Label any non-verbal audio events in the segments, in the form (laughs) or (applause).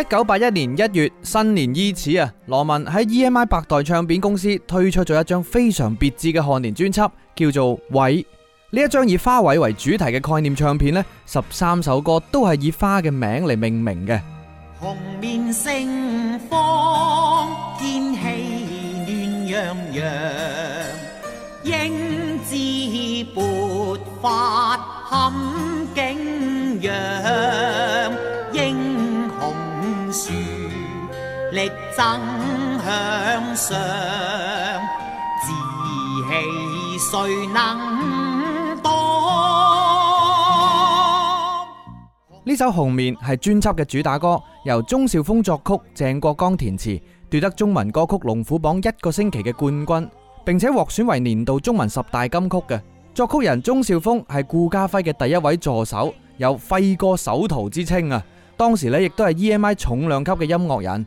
一九八一年一月，新年伊始啊，羅文喺 EMI 百代唱片公司推出咗一張非常別致嘅賀年專輯，叫做《卉》。呢一張以花卉為主題嘅概念唱片呢，十三首歌都係以花嘅名嚟命名嘅。紅棉盛放，天氣暖洋洋，英姿勃發堪景仰。《力爭向上，志氣誰能當》呢首《紅棉》係專輯嘅主打歌，由鍾肇峰作曲，鄭國江填詞，奪得中文歌曲龍虎榜一個星期嘅冠軍，並且獲選為年度中文十大金曲嘅作曲人。鍾肇峰係顧嘉輝嘅第一位助手，有輝哥首徒之稱啊。當時呢亦都係 EMI 重量級嘅音樂人。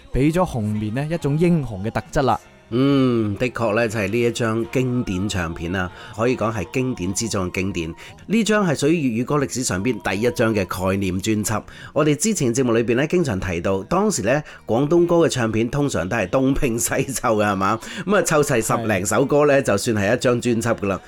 俾咗紅棉呢一種英雄嘅特質啦。嗯，的確呢就係呢一張經典唱片啦，可以講係經典之中嘅經典。呢張係屬於粵語歌歷史上邊第一張嘅概念專輯。我哋之前節目裏面咧經常提到，當時呢廣東歌嘅唱片通常都係東拼西湊嘅，係嘛？咁啊湊齊十零首歌呢，就算係一張專輯噶啦。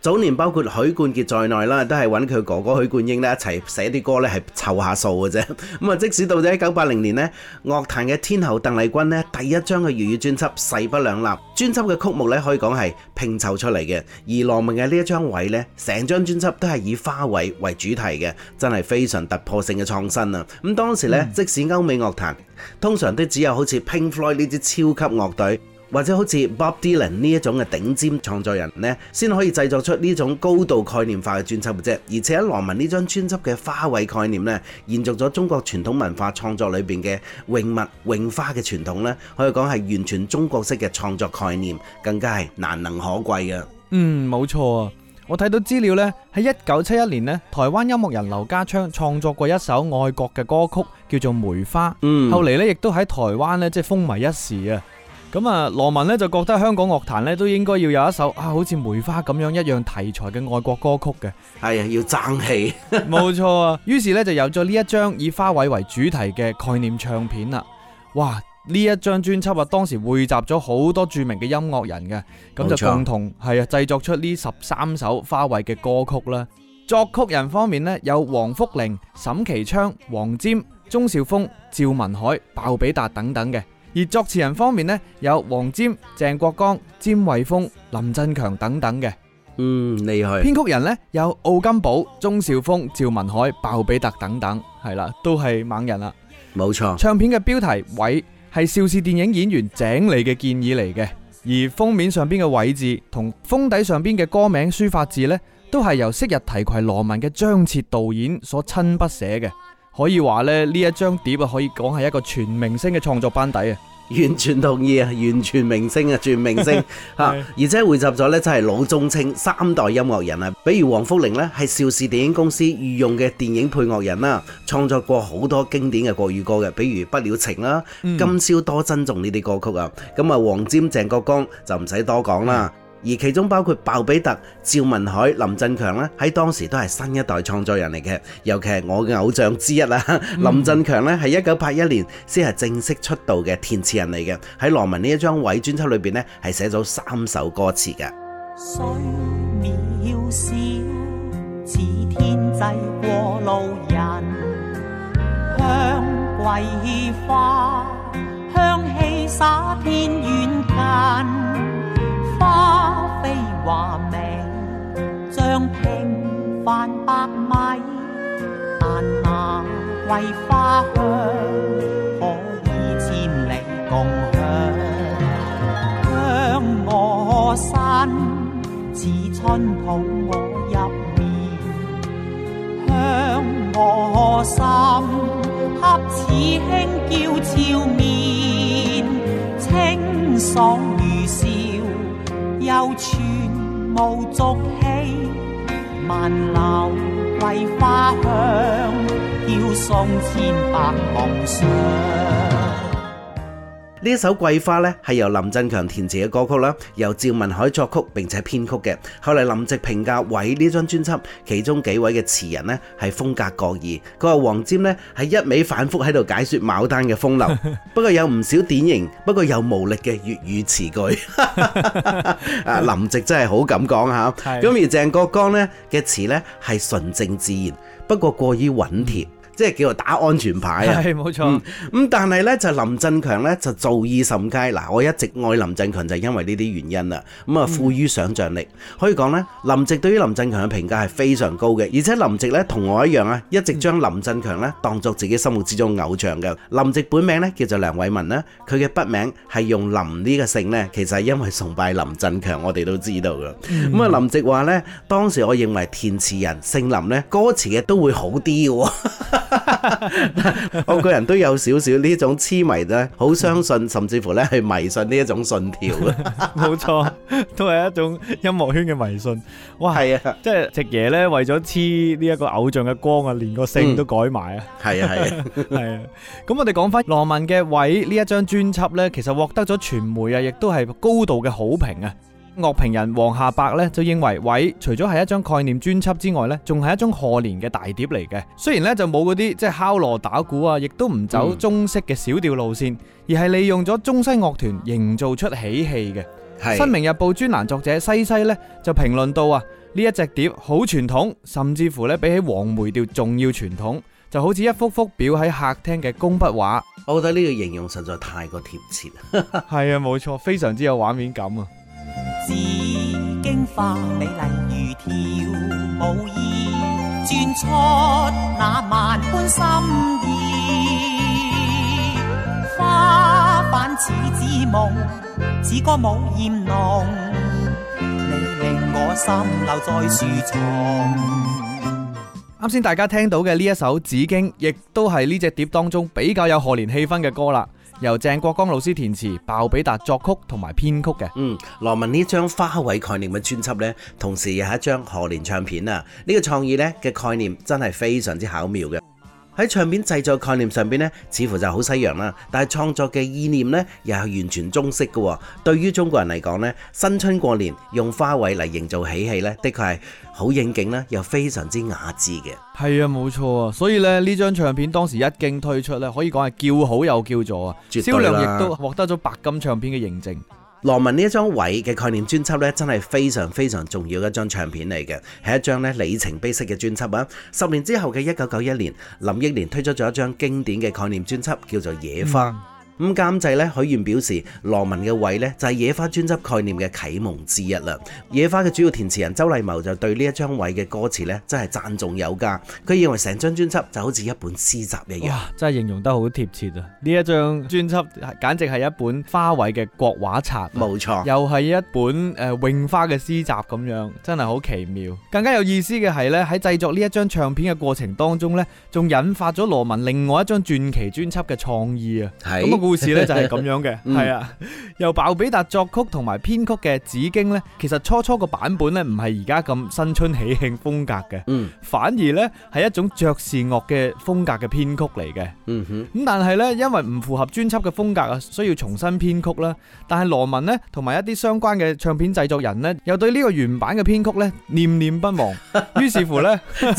早年包括許冠傑在內啦，都係揾佢哥哥許冠英咧一齊寫啲歌咧，係湊下數嘅啫。咁啊，即使到咗一九八零年咧，樂壇嘅天后鄧麗君咧第一張嘅粵語專輯《勢不兩立》，專輯嘅曲目咧可以講係拼湊出嚟嘅。而羅文嘅呢一張《卉》咧，成張專輯都係以花卉為主題嘅，真係非常突破性嘅創新啊！咁當時咧，即使歐美樂壇，通常都只有好似 Pink Floyd 呢支超級樂隊。或者好似 Bob Dylan 呢一種嘅頂尖創作人呢，先可以製作出呢種高度概念化嘅專輯嘅啫。而且羅文呢張專輯嘅花卉概念呢，延續咗中國傳統文化創作裏邊嘅詠物詠花嘅傳統呢，可以講係完全中國式嘅創作概念，更加係難能可貴嘅。嗯，冇、嗯、錯啊！我睇到資料呢，喺一九七一年呢，台灣音樂人劉家昌創作過一首愛國嘅歌曲，叫做《梅花》。嗯，後嚟呢，亦都喺台灣呢，即係風靡一時啊！咁啊，羅文呢就覺得香港樂壇呢都應該要有一首啊，好似梅花咁樣一樣題材嘅愛國歌曲嘅。係啊、哎，要爭氣。冇 (laughs) 錯啊，於是呢，就有咗呢一張以花卉為主題嘅概念唱片啦。哇，呢一張專輯啊，當時匯集咗好多著名嘅音樂人嘅，咁就共同係啊製、啊、作出呢十三首花卉嘅歌曲啦。作曲人方面呢，有黃福玲、沈其昌、黃霑、鍾兆峰、趙文海、鮑比達等等嘅。而作詞人方面呢，有黃沾、鄭國江、詹偉峰、林振強等等嘅，嗯，厲害。編曲人呢，有奧金寶、鍾兆峰、趙文海、鮑比達等等，係啦，都係猛人啦。冇錯錯。唱片嘅標題《卉》係邵氏電影演員井莉嘅建議嚟嘅，而封面上邊嘅卉字同封底上邊嘅歌名書法字呢，都係由昔日提携羅文嘅張徹導演所親筆寫嘅。可以話咧，呢一張碟啊，可以講係一個全明星嘅創作班底啊！完全同意啊，完全明星啊，全明星吓， (laughs) 而且匯集咗咧就係老中青三代音樂人啊，比如王福齡呢係邵氏電影公司御用嘅電影配樂人啦，創作過好多經典嘅國語歌嘅，比如不了情啦、嗯、今宵多珍重呢啲歌曲啊，咁啊黃霑、鄭國江就不用說了，就唔使多講啦。而其中包括鮑比達、趙文海、林振強啦，喺當時都係新一代創作人嚟嘅，尤其係我嘅偶像之一啦。林振強咧係一九八一年先係正式出道嘅填詞人嚟嘅，喺《羅文》呢一張卉專輯裏邊咧係寫咗三首歌詞嘅。雖渺小，似天際過路人，香桂花，香氣灑遍遠近。花飛花美，將平凡百米，但那桂花香可以千里共享。香我身，似春抱我入面，香我心，恰似輕嬌照面，清爽如仙。又全無俗氣，萬縷桂花香，飄送千百夢想。呢首《桂花》呢，係由林振強填詞嘅歌曲啦，由趙文海作曲並且編曲嘅。後嚟林夕評價為呢張專輯其中幾位嘅詞人呢係風格各異。佢話黃霑呢係一味反覆喺度解説牡丹嘅風流 (laughs) 不不，不過有唔少典型不過又無力嘅粵語詞句。啊， (laughs) 林夕真係好敢講嚇。咁而鄭國江呢嘅詞呢係純正自然，不過過於穩貼。即係叫做打安全牌啊！係冇錯咁、嗯，但係呢，就林振強呢，就造詣甚佳嗱。我一直愛林振強就因為呢啲原因啦。咁啊，富於想像力，嗯、可以講呢，林夕對於林振強嘅評價係非常高嘅。而且林夕呢，同我一樣啊，一直將林振強呢當作自己心目之中偶像嘅。林夕本名呢，叫做梁偉文呢，佢嘅筆名係用林呢個姓呢，其實係因為崇拜林振強，我哋都知道㗎。咁啊、嗯，嗯、林夕話呢，當時我認為填詞人姓林呢，歌詞嘅都會好啲喎。 (laughs) (laughs) 我個人都有少少呢種痴迷咧，好相信，甚至乎咧係迷信呢一種信條嘅。冇 (laughs) 錯， (laughs) 都係一種音樂圈嘅迷信。哇，係啊的，即係夕爺咧為咗黐呢一個偶像嘅光啊，連個姓都改埋啊。係啊、嗯，係啊，係啊。 (laughs) 咁我哋講翻羅文嘅《卉》呢一張專輯咧，其實獲得咗傳媒啊，亦都係高度嘅好評啊。樂評人黃夏柏咧就認為，卉除咗係一張概念專輯之外咧，仲係一張賀年嘅大碟嚟嘅。雖然咧就冇嗰啲即係敲鑼打鼓啊，亦都唔走中式嘅小調路線，嗯、而係利用咗中西樂團營造出喜氣嘅是。新明日報專欄作者西西咧就評論到啊，呢一隻碟好傳統，甚至乎咧比起黃梅調仲要傳統，就好似一幅幅裱喺客廳嘅工筆畫。我覺得呢個形容實在太過貼切了。係 (laughs) 啊，冇錯，非常之有畫面感啊！紫荊花美麗如跳舞衣，轉出那萬般心意。花瓣似紫夢，紫歌舞艷濃，你令我心留在樹叢。啱先大家聽到嘅呢一首《紫荊》，亦都係呢隻碟當中比較有賀年氣氛嘅歌啦。由鄭國江老師填詞，鮑比達作曲同埋編曲嘅。嗯，羅文呢張花卉概念嘅專輯呢，同時又係一張賀年唱片啊！呢個創意呢嘅概念真係非常之巧妙嘅。喺唱片製作概念上邊呢，似乎就好西洋啦，但係創作嘅意念呢，又係完全中式嘅。對於中國人嚟講呢，新春過年用花卉嚟營造喜氣呢，的確係。好應景呢，又非常之雅致嘅。係啊，冇錯啊。所以呢張唱片當時一經推出呢，可以講係叫好又叫座啊。銷量亦都獲得咗白金唱片嘅認證。羅文呢一張《卉》嘅概念專輯呢，真係非常非常重要嘅一張唱片嚟嘅，係一張呢里程碑式嘅專輯啊。十年之後嘅一九九一年，林憶蓮推出咗一張經典嘅概念專輯，叫做《野花》。咁監製咧，許願表示羅文嘅位呢，就係野花專輯概念嘅啟蒙之一啦。野花嘅主要填詞人周禮茂就對呢一張位嘅歌詞呢，真係讚頌有加，佢認為成張專輯就好似一本詩集一樣，真係形容得好貼切啊！呢一張專輯簡直係一本花卉嘅國畫冊，冇錯，又係一本誒詠花嘅詩集咁樣，真係好奇妙。更加有意思嘅係呢，喺製作呢一張唱片嘅過程當中呢，仲引發咗羅文另外一張傳奇專輯嘅創意啊！係。故事咧就係咁樣嘅，係、 (laughs) 嗯、啊，由鮑比達作曲同埋編曲嘅《紫荊》呢，其實初初個版本呢唔係而家咁新春喜慶風格嘅，嗯，反而呢係一種爵士樂嘅風格嘅編曲嚟嘅，嗯哼，咁但係呢，因為唔符合專輯嘅風格啊，需要重新編曲啦。但係羅文呢，同埋一啲相關嘅唱片製作人呢，又對呢個原版嘅編曲呢念念不忘，於 (laughs) 是乎呢，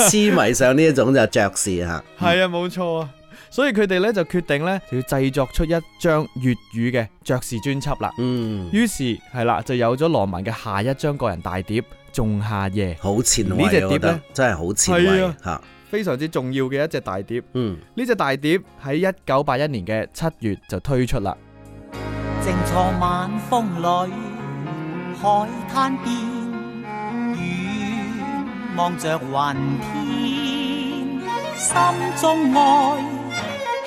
痴迷上呢一種就爵士吓，係 (laughs) 啊，冇錯啊。所以佢哋咧就決定咧就要製作出一張粵語嘅爵士專輯啦。嗯，於是係啦就有咗羅文嘅下一張個人大碟《仲夏夜》很，好前衛呢隻碟咧真係好前衛啊，吓，非常之重要嘅一隻大碟。嗯，呢隻大碟喺一九八一年嘅七月就推出啦。靜坐晚風裏，海灘邊，遠望着雲天，心中愛。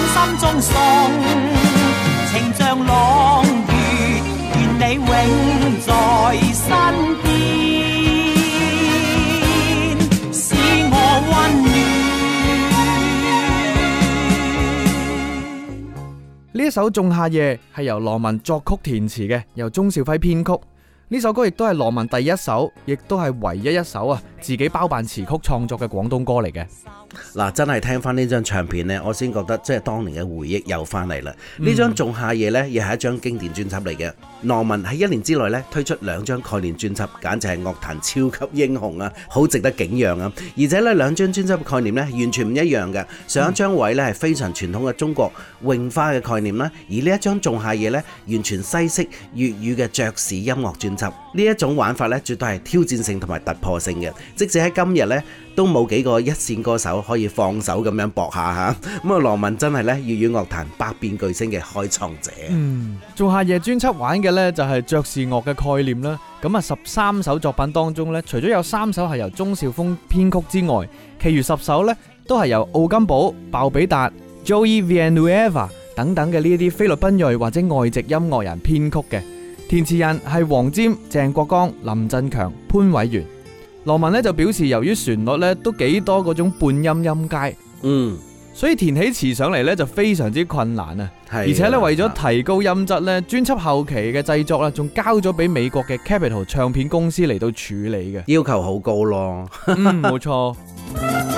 我心中情像朗月，願你永在身邊，使我溫暖。呢一首《仲夏夜》係由羅文作曲填詞嘅，由鍾肇輝編曲。呢首歌亦都係羅文第一首，亦都係唯一一首啊自己包辦詞曲創作嘅廣東歌嚟嘅。嗱，真係聽翻呢張唱片呢，我先覺得即係當年嘅回憶又翻嚟啦。呢張仲夏夜呢，亦係一張經典專輯嚟嘅。羅文喺一年之內呢，推出兩張概念專輯，簡直係樂壇超級英雄啊，好值得景仰啊！而且呢，兩張專輯概念呢，完全唔一樣嘅。上一張卉呢，係非常傳統嘅中國詠花嘅概念啦，而呢一張仲夏夜呢，完全西式粵語嘅爵士音樂專輯，呢一種玩法呢，絕對係挑戰性同埋突破性嘅，即使喺今日呢。都冇幾個一線歌手可以放手咁樣搏下下咁啊，那羅文真係咧，粵語樂壇百變巨星嘅開創者。嗯，仲夏夜專輯玩嘅呢，就係爵士樂嘅概念啦。咁啊，十三首作品當中呢，除咗有三首係由鍾肇峰編曲之外，其餘十首呢，都係由奧金寶、鮑比達、Joey Villanueva 等等嘅呢啲菲律賓裔或者外籍音樂人編曲嘅。填詞人係黃霑、鄭國江、林振強、潘偉源。羅文咧就表示，由於旋律咧都幾多嗰種半音音階，嗯，所以填起詞上嚟咧就非常之困難啊！係，而且咧為咗提高音質咧，專輯後期嘅製作咧仲交咗俾美國嘅 Capitol 唱片公司嚟到處理嘅，要求好高咯，嗯，冇錯。 (laughs)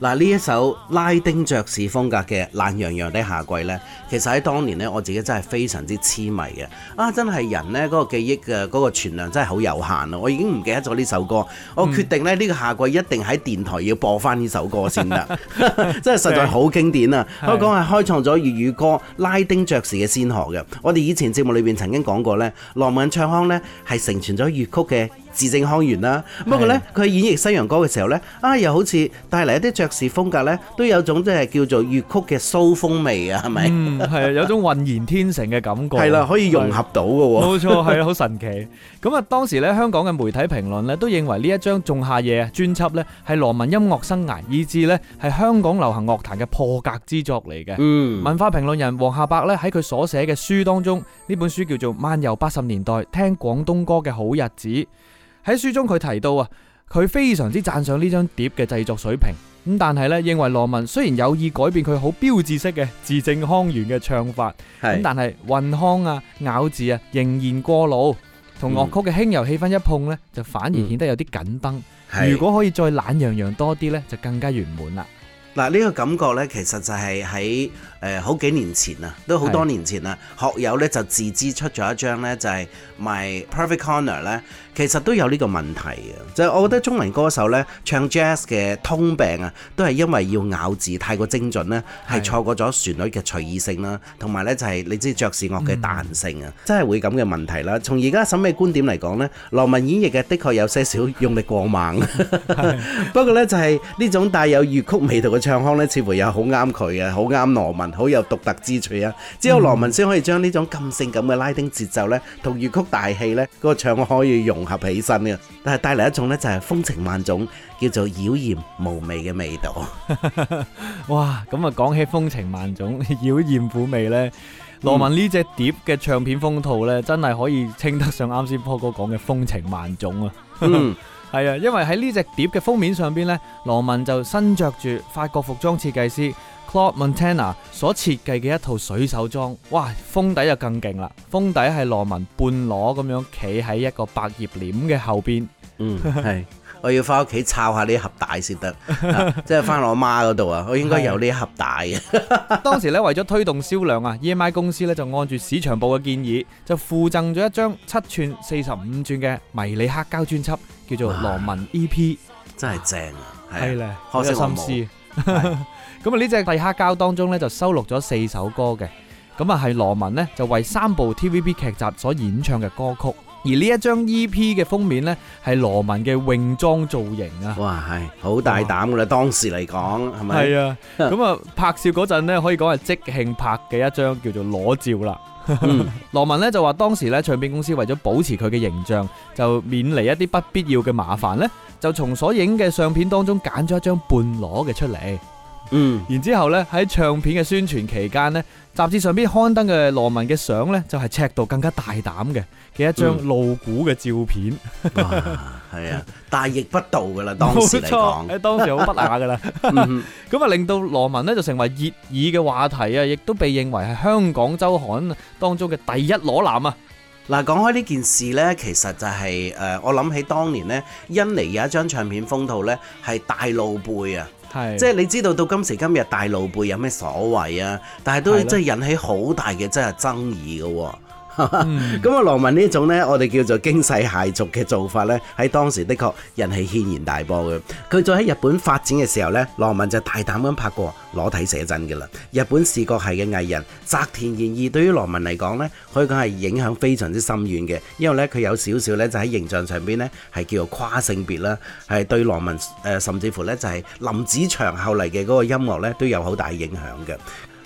嗱，呢一首拉丁爵士風格嘅《懶洋洋的夏季》呢，其實喺當年呢，我自己真係非常之痴迷嘅。啊，真係人呢嗰個記憶嘅嗰、嗰個存量真係好有限啊。我已經唔記得咗呢首歌，我決定呢個夏季一定喺電台要播翻呢首歌先得。嗯、真係實在好經典啊！ (laughs) 是香港係開創咗粵語歌拉丁爵士嘅先河嘅。我哋以前節目裏面曾經講過呢，羅文唱腔呢係承傳咗粵曲嘅。字正腔圓啦、啊，不過呢，佢演繹西洋歌嘅時候呢，啊，又好似帶嚟一啲爵士風格呢，都有一種即係叫做粵曲嘅蘇風味啊，係咪？嗯，係啊，有一種渾然天成嘅感覺。係啦是，是可以融合到嘅、啊。冇錯，係啊，好神奇。咁啊， (laughs) 當時呢，香港嘅媒體評論呢，都認為呢一張仲夏夜專輯呢，係羅文音樂生涯以至呢，係香港流行樂壇嘅破格之作嚟嘅。嗯，文化評論人黃夏伯呢，喺佢所寫嘅書當中，呢本書叫做《漫遊八十年代：聽廣東歌嘅好日子》。喺書中佢提到啊，佢非常之讚賞呢張碟嘅製作水平，咁但係咧，認為羅文雖然有意改變佢好標誌式嘅字正腔圓嘅唱法，咁是但係混腔啊、咬字啊仍然過老，同樂曲嘅輕柔氣氛一碰呢，就反而顯得有啲緊繃，嗯、如果可以再懶洋洋多啲呢，就更加圓滿啦。嗱，呢個感覺呢，其實就係喺誒好幾年前啊，都好多年前啊，是學友呢就自資出咗一張呢，就係 My Perfect Corner 呢。其實都有呢個問題嘅，就係、是、我覺得中文歌手呢，唱 jazz 嘅通病啊，都係因為要咬字太過精準咧，係錯過咗旋律嘅隨意性啦，同埋呢，就係你知爵士樂嘅彈性啊，真係會咁嘅問題啦。從而家審美觀點嚟講呢，羅文演繹嘅的確有些少用力過猛， (laughs) 是的 (laughs) 不過呢，就係呢種帶有粵曲味道嘅唱腔呢，似乎又好啱佢啊，好啱羅文，好有獨特之處啊。只有羅文先可以將呢種咁性感嘅拉丁節奏呢，同粵曲大戲呢嗰個唱腔可以融合起身嘅，但係帶嚟一種呢，就係風情萬種，叫做妖豔無味嘅味道。 (laughs) 哇！咁啊，講起風情萬種、妖豔嫵媚呢，羅文呢隻碟嘅唱片封套呢，真係可以稱得上啱先波哥講嘅風情萬種啊。嗯，係啊，因為喺呢隻碟嘅封面上邊呢，羅文就身着住法國服裝設計師。Claude Montana 所設計嘅一套水手裝，哇，封底就更勁啦！封底係羅文半裸咁樣企喺一個百葉簾嘅後邊。嗯，係， (laughs) 我要翻屋企抄下呢盒帶先得，即係翻我媽嗰度啊！ (laughs) 我應該有呢盒帶嘅。的 (laughs) 當時咧，為咗推動銷量啊，EMI 公司咧就按住市場部嘅建議，就附贈咗一張七寸四十五轉嘅迷你黑膠專輯，叫做《羅文 EP》，真係正啊！係啊 (laughs) 的，好有心思。 (laughs) 咁啊！呢隻《大黑膠》當中咧，就收錄咗四首歌嘅。咁啊，係羅文呢就為三部 T V B 劇集所演唱嘅歌曲。而呢一張 E P 嘅封面呢，係羅文嘅泳裝造型啊！哇，係好大膽噶啦，哇當時嚟講係咪？係啊，咁啊，拍攝嗰陣呢，可以講係即興拍嘅一張叫做裸照啦。羅、 (laughs) 嗯、文呢，就話，當時咧唱片公司為咗保持佢嘅形象，就免嚟一啲不必要嘅麻煩呢就從所影嘅相片當中揀咗一張半裸嘅出嚟。嗯，然之後咧喺唱片嘅宣傳期間咧，雜誌上邊刊登嘅羅文嘅相咧，就係尺度更加大膽嘅嘅、就是、一張露骨嘅照片。係、嗯、 (laughs) 啊，大逆不道噶啦，當時嚟講當時好不雅噶啦。咁啊、 (laughs) 嗯哼， (laughs) 令到羅文呢就成為熱議嘅話題啊，亦都被認為係香港周刊當中嘅第一裸男啊。嗱，講開呢件事呢，其實就係、是、誒，我諗起當年呢，印尼有一張唱片封套呢，係大露背啊。即係你知道到今時今日大露背有咩所謂啊？但係都真係引起好大嘅真係爭議嘅喎。咁啊，羅文呢種呢，我哋叫做驚世駭俗嘅做法呢，喺當時的確引起軒然大波嘅。佢再喺日本發展嘅時候呢，羅文就大膽咁拍過裸體寫真嘅啦。日本視覺系嘅藝人澤田研二，對於羅文嚟講呢，可以講係影響非常之深遠嘅，因為呢，佢有少少呢，就喺形象上邊呢，係叫做跨性別啦，係對羅文誒甚至乎呢，就係林子祥後嚟嘅嗰個音樂呢，都有好大影響嘅。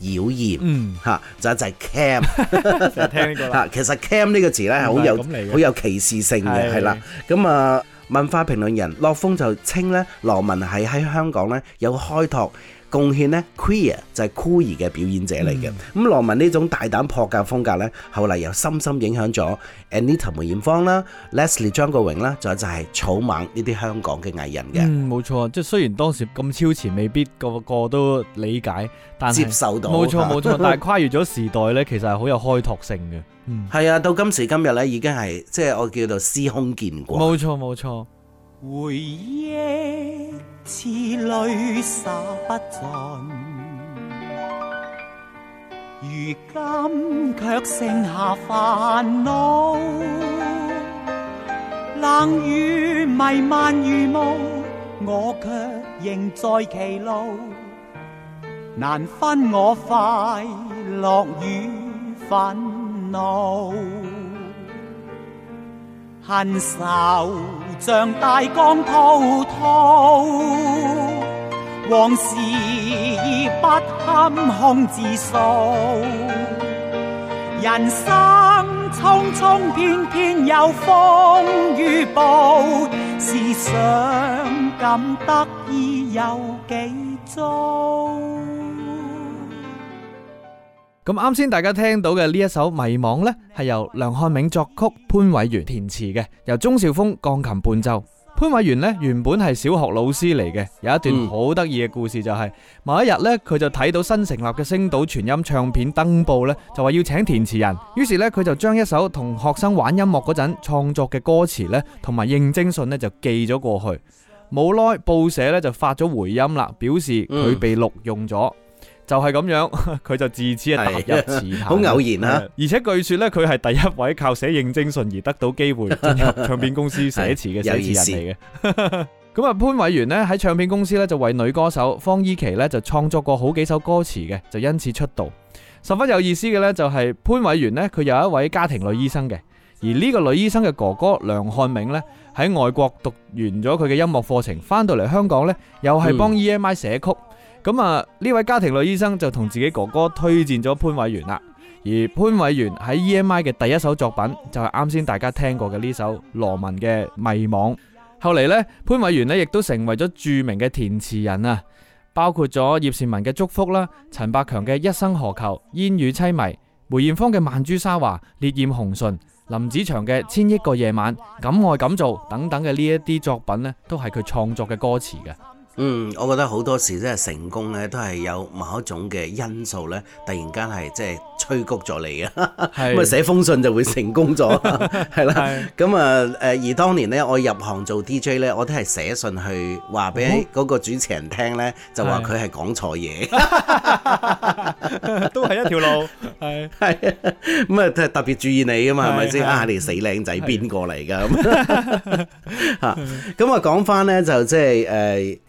妖艷嚇、嗯、就一是係 cam，就 (laughs) 其實 cam 呢個詞咧係好有好有歧視性嘅，係啦的。咁啊，文化評論人洛楓就稱咧，羅文係喺香港咧有開拓貢獻呢 Queer 就係酷兒嘅表演者嚟嘅。咁羅文呢種大膽破格風格呢，後嚟又深深影響咗 Anita 梅艷芳啦、Leslie 張國榮啦，仲 (noise) 有樂就係草蜢呢啲香港嘅藝人嘅。冇、嗯、錯，即係雖然當時咁超前，未必個個都理解，但接受到。冇錯冇錯，但係跨越咗時代呢， (laughs) 其實係好有開拓性嘅。嗯，係啊，到今時今日呢，已經係即係我叫做司空見慣。冇錯冇錯。回憶似淚灑不盡，如今卻剩下煩惱。冷雨迷漫如霧，我卻仍在歧路，難分我快樂與憤怒，恨愁。像大江滔滔，往事不堪空自數。人生匆匆，偏偏有風雨暴，思想感得意有幾遭？咁啱先大家聽到嘅呢一首《迷惘》呢，係由梁漢銘作曲，潘、潘偉源填詞嘅，由鐘兆峰鋼琴伴奏。潘偉源呢原本係小學老師嚟嘅，有一段好得意嘅故事就係、是，某一日呢，佢就睇到新成立嘅星島全音唱片登報呢就話要請填詞人，於是呢，佢就將一首同學生玩音樂嗰陣創作嘅歌詞呢同埋應徵信呢就寄咗過去。冇耐報社呢就發咗回音啦，表示佢被錄用咗。就係咁樣，佢就自此一踏入詞壇。好偶然啊！而且據說咧，佢係第一位靠寫應徵信而得到機會進入唱片公司寫詞嘅寫詞人嚟嘅。咁啊， (laughs) 潘偉源呢，喺唱片公司咧就為女歌手方依琪咧就創作過好幾首歌詞嘅，就因此出道。十分有意思嘅咧，就係潘偉源呢，佢有一位家庭女醫生嘅，而呢個女醫生嘅哥哥梁漢銘呢，喺外國讀完咗佢嘅音樂課程，翻到嚟香港呢，又係幫 EMI 寫曲。嗯咁啊！呢位家庭女醫生就同自己哥哥推薦咗潘偉源啦。而潘偉源喺 EMI 嘅第一首作品就係啱先大家聽過嘅呢首羅文嘅《迷惘》。後嚟呢，潘偉源呢亦都成為咗著名嘅填詞人啊，包括咗葉倩文嘅《祝福》啦、陳百強嘅《一生何求》、煙雨淒迷、梅艷芳嘅《曼珠沙華》、烈焰紅唇、林子祥嘅《千億個夜晚》、敢愛敢做等等嘅呢一啲作品呢，都係佢創作嘅歌詞嘅。嗯，我覺得好多時即係成功咧都係有某一種嘅因素咧，突然間係即係催谷咗你啊！咁啊寫封信就會成功咗，係啦 (laughs) 的。咁啊誒而當年咧我入行做 DJ 咧，我都係寫信去話俾個主持人聽咧，哦、就話佢係講錯嘢，是的 (laughs) 都係一條路，係係。咁啊都係特別注意你啊嘛，係咪先啊？你死靚仔邊個嚟㗎？嚇！咁啊講翻咧就即係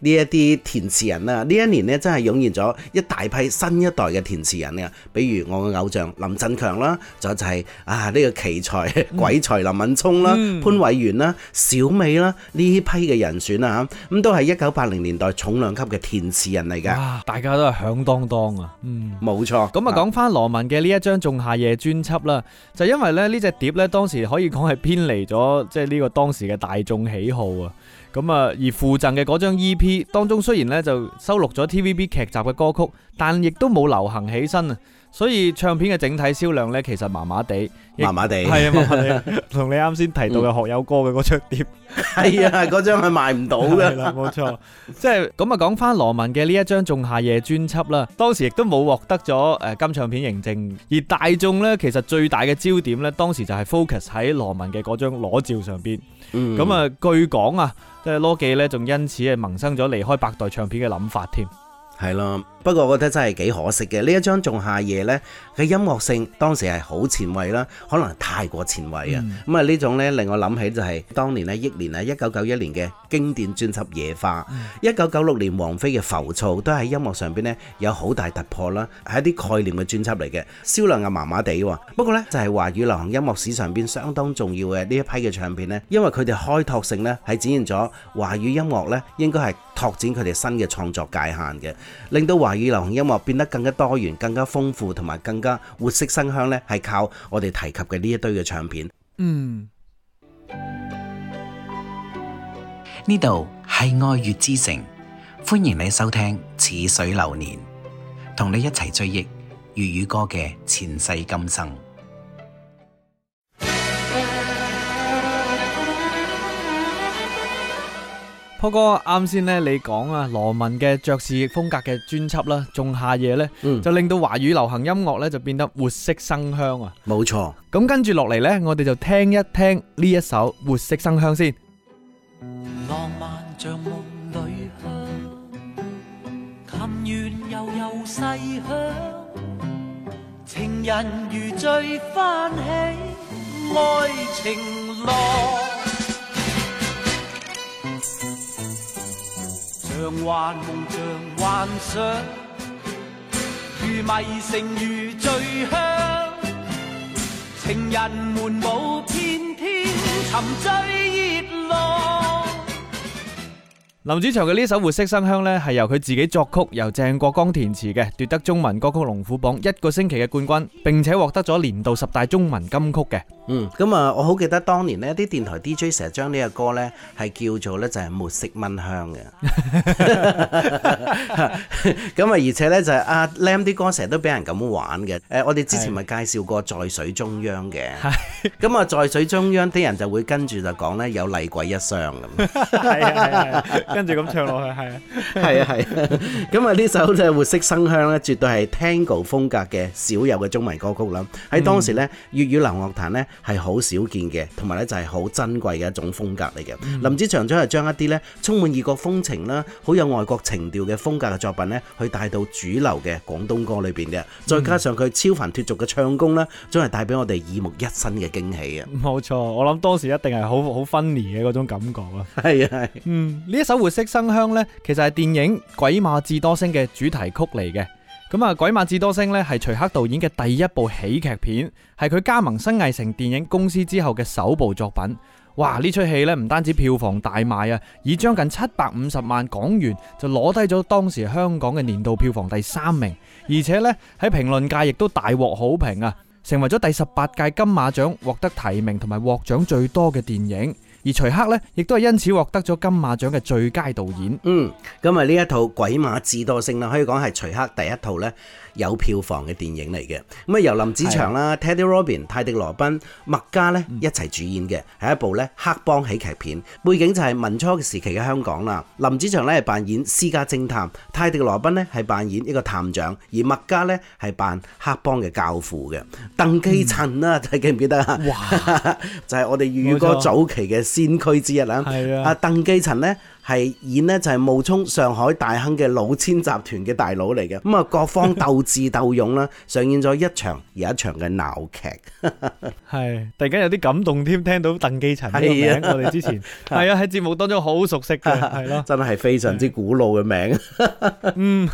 誒。呢一啲填詞人啊，呢一年呢真係湧現咗一大批新一代嘅填詞人啊，比如我嘅偶像林振強啦，仲有就係啊呢個奇才鬼才林敏聰啦、嗯、潘偉源啦、小美啦呢批嘅人選啊，咁都係一九八零年代重量級嘅填詞人嚟噶，大家都係響當當啊，嗯，冇錯。咁啊，講翻羅文嘅呢一張《仲夏夜》專輯啦，就是、因為咧呢隻碟呢，當時可以講係偏離咗，即係呢個當時嘅大眾喜好啊。咁啊，而附贈嘅嗰張 EP 當中，雖然咧就收錄咗 TVB 劇集嘅歌曲，但亦都冇流行起身啊！所以唱片嘅整體銷量呢，其實麻麻地，麻麻地，係啊，麻麻地同你啱先提到嘅學友歌嘅嗰張碟，嗯，係 (laughs) 啊，嗰張係賣唔到嘅，冇錯。即係咁啊，講翻羅文嘅呢一張《仲夏夜》專輯啦，當時亦都冇獲得咗誒金唱片認證。而大眾呢，其實最大嘅焦點呢，當時就係 focus 喺羅文嘅嗰張裸照上邊。咁、嗯、啊，據講啊，即係羅記呢，仲因此係萌生咗離開百代唱片嘅諗法添。係啦，啊。不過我覺得真係幾可惜嘅，呢一張《仲夏夜》呢嘅音樂性當時係好前衛啦，可能係太過前衛啊。咁啊呢種呢令我諗起就係當年呢億年啊一九九一年嘅經典專輯《野花》，嗯，一九九六年王菲嘅《浮躁》都喺音樂上邊呢，有好大突破啦，係一啲概念嘅專輯嚟嘅，銷量又麻麻地喎。不過呢，就係華語流行音樂史上邊相當重要嘅呢一批嘅唱片呢，因為佢哋開拓性呢，係展現咗華語音樂呢應該係拓展佢哋新嘅創作界限嘅，令到華粵語流行音樂變得更加多元、更加豐富，同埋更加活色生香咧，係靠我哋提及嘅呢一堆嘅唱片。嗯，呢度係愛粵之城，歡迎你收聽《似水流年》，同你一齊追憶粵語歌嘅前世今生。不過啱先咧，你講啊羅文嘅爵士風格嘅專輯啦，《仲夏夜》咧，就令到華語流行音樂咧就變得活色生香啊！冇錯，咁跟住落嚟咧，我哋就聽一聽呢一首《活色生香》先。像幻夢如迷城如醉香，情人們天沉醉。林子祥嘅呢首《活色生香》呢，係由佢自己作曲，由鄭國江填詞嘅，奪得中文歌曲龍虎榜一個星期嘅冠軍，並且獲得咗年度十大中文金曲嘅。嗯，咁啊，我好記得當年咧，啲電台 DJ 成日將呢個歌咧係叫做咧就係《暮色蚊香》嘅。咁啊，而且咧就係阿 Lam 啲歌成日都俾人咁玩嘅。誒，我哋之前咪介紹過《在水中央》嘅。係。咁啊，在水中央啲人就會跟住就講咧有厲鬼一雙咁。係啊，係。跟住咁唱落去，係啊，係啊，係。咁啊，呢首就係《活色生香》咧，絕對係 Tango 風格嘅少有嘅中文歌曲啦。喺當時咧，粵語流行樂壇咧。係好少見嘅，同埋咧就係好珍貴嘅一種風格嚟嘅。嗯、林子祥將係將一啲咧充滿異國風情啦，好有外國情調嘅風格嘅作品咧，去帶到主流嘅廣東歌裏邊嘅。再加上佢超凡脫俗嘅唱功咧，將係帶俾我哋耳目一新嘅驚喜啊！冇錯，我諗當時一定係好好分離嘅嗰種感覺啊！係啊，係。嗯，呢一首《活色生香》咧，其實係電影《鬼馬智多星》嘅主題曲嚟嘅。咁啊，《鬼馬智多星》呢係徐克導演嘅第一部喜劇片，係佢加盟新藝城電影公司之後嘅首部作品。哇！呢出戲呢唔單止票房大賣啊，以將近七百五十萬港元就攞低咗當時香港嘅年度票房第三名，而且呢喺評論界亦都大獲好評啊，成為咗第十八屆金馬獎獲得提名同埋獲獎最多嘅電影。而徐克咧，亦都係因此獲得咗金馬獎嘅最佳導演。嗯，咁日呢一套《鬼馬智多星》啦，可以講係徐克第一套咧，有票房嘅電影嚟嘅，咁啊由林子祥啦、Teddy Robin 的、泰迪羅賓、麥嘉咧一齊主演嘅，係、嗯、一部咧黑幫喜劇片，背景就係民初嘅時期嘅香港啦。林子祥咧係扮演私家偵探，泰迪羅賓咧係扮演一個探長，而麥嘉咧係扮黑幫嘅教父嘅。嗯、鄧寄塵啦，記唔記得啊？哇！ (laughs) 就係我哋粵語歌早期嘅先驅之一啦。係錯啊。阿鄧寄塵咧。係演呢就係冒充上海大亨嘅老千集團嘅大佬嚟嘅，咁啊各方鬥智鬥勇啦，上演咗一場又一場嘅鬧劇。係突然間有啲感動添，聽到鄧寄塵呢個名，啊、我哋之前係 (laughs) 啊喺節目當中好熟悉嘅，係咯、啊， (laughs) 真係非常之古老嘅名。 (laughs) (laughs) 嗯，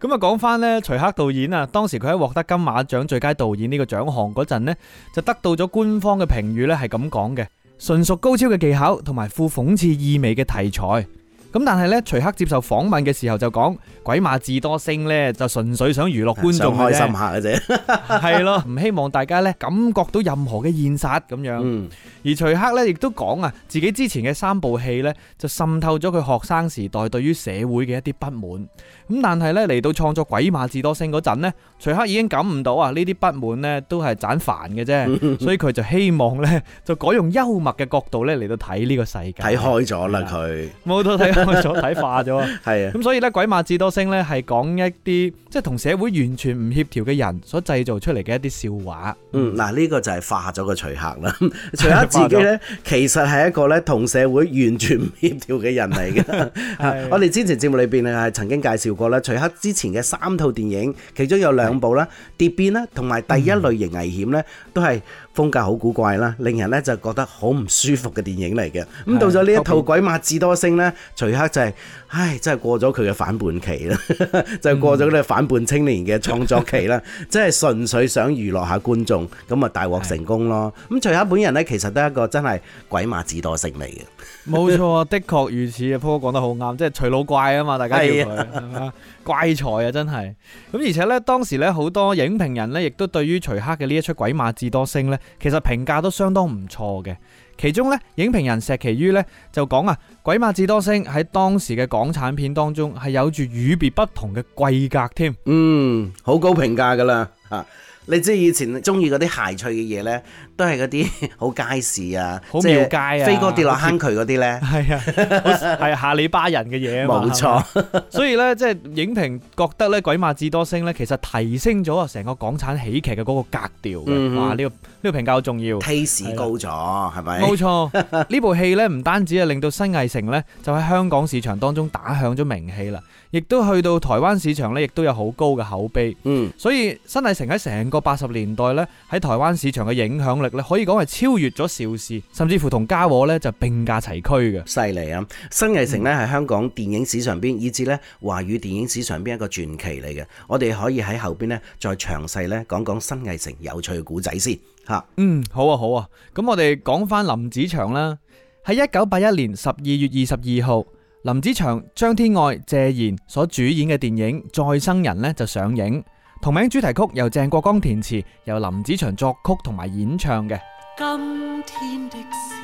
咁啊講翻呢，徐克導演啊，當時佢喺獲得金馬獎最佳導演呢個獎項嗰陣呢，就得到咗官方嘅評語呢係咁講嘅。純屬高超嘅技巧，同埋富諷刺意味嘅題材。咁但係咧，徐克接受訪問嘅時候就講《鬼馬智多星》咧，就純粹想娛樂觀眾，開心下嘅啫，係咯，唔希望大家咧感覺到任何嘅現實咁樣。而徐克咧亦都講啊，自己之前嘅三部戲咧，就滲透咗佢學生時代對於社會嘅一啲不滿。咁但係咧，嚟到創作《鬼馬智多星》嗰陣咧，徐克已經感唔到啊呢啲不滿咧都係盞煩嘅啫，所以佢就希望咧就改用幽默嘅角度咧嚟到睇呢個世界，睇開咗啦，佢冇錯睇，所睇化咗，係啊，咁所以咧鬼馬智多星咧係講一啲即係同社會完全唔協調嘅人所製造出嚟嘅一啲笑話。嗯，嗱呢個就係化咗個徐克啦。徐克自己咧其實係一個咧同社會完全唔協調嘅人嚟嘅。我哋之前節目裏邊啊曾經介紹過啦，徐克之前嘅三套電影，其中有兩部啦，蝶變啦，同埋第一類型危險咧都係。風格好古怪啦，令人咧就覺得好唔舒服嘅電影嚟嘅。咁的到咗呢一套《鬼馬智多星》咧的，徐克就係、是。唉，真係過咗佢嘅反叛期啦，就、嗯、過咗嗰啲反叛青年嘅創作期啦，即係、嗯、純粹想娛樂下觀眾，咁啊 (laughs) 大獲成功咯。咁的徐克本人呢，其實都係一個真係鬼馬智多星嚟嘅，冇錯， (laughs) 的確如此啊！波哥講得好啱，即係徐老怪啊嘛，大家叫佢的，怪才啊真係。咁而且呢，當時呢好多影評人呢，亦都對於徐克嘅呢一出《鬼馬智多星》呢，其實評價都相當唔錯嘅。其中咧，影評人石奇於咧就講啊，《鬼馬智多星》喺當時嘅港產片當中係有住與別不同嘅貴格添，嗯，好高評價噶啦吓。你知以前中意嗰啲諧趣嘅嘢咧。都係嗰啲好街市啊，好廟街啊，飛哥跌落坑渠嗰啲呢？係啊，係下里巴人嘅嘢，冇錯。所以呢，即係影評覺得呢《鬼馬智多星》呢，其實提升咗啊成個港產喜劇嘅嗰個格調，哇！呢個呢個評價好重要，提士高咗係咪？冇錯，呢部戲呢唔單止係令到新藝城呢，就喺香港市場當中打響咗名氣啦，亦都去到台灣市場呢，亦都有好高嘅口碑。嗯，所以新藝城喺成個八十年代呢，喺台灣市場嘅影響力，咧可以講係超越咗邵氏，甚至乎同嘉禾咧就並駕齊驅嘅。犀利啊！新藝城咧係香港電影史上邊，以至咧華語電影史上邊一個傳奇嚟嘅。我哋可以喺後邊咧再詳細咧講講新藝城有趣嘅故仔先吓。嗯，好啊，好啊。咁我哋講翻林子祥啦。喺一九八一年十二月二十二號，林子祥、張天愛、謝賢所主演嘅電影《再生人》呢就上映。同名主題曲由鄭國江填詞，由林子祥作曲同埋演唱嘅。今天的事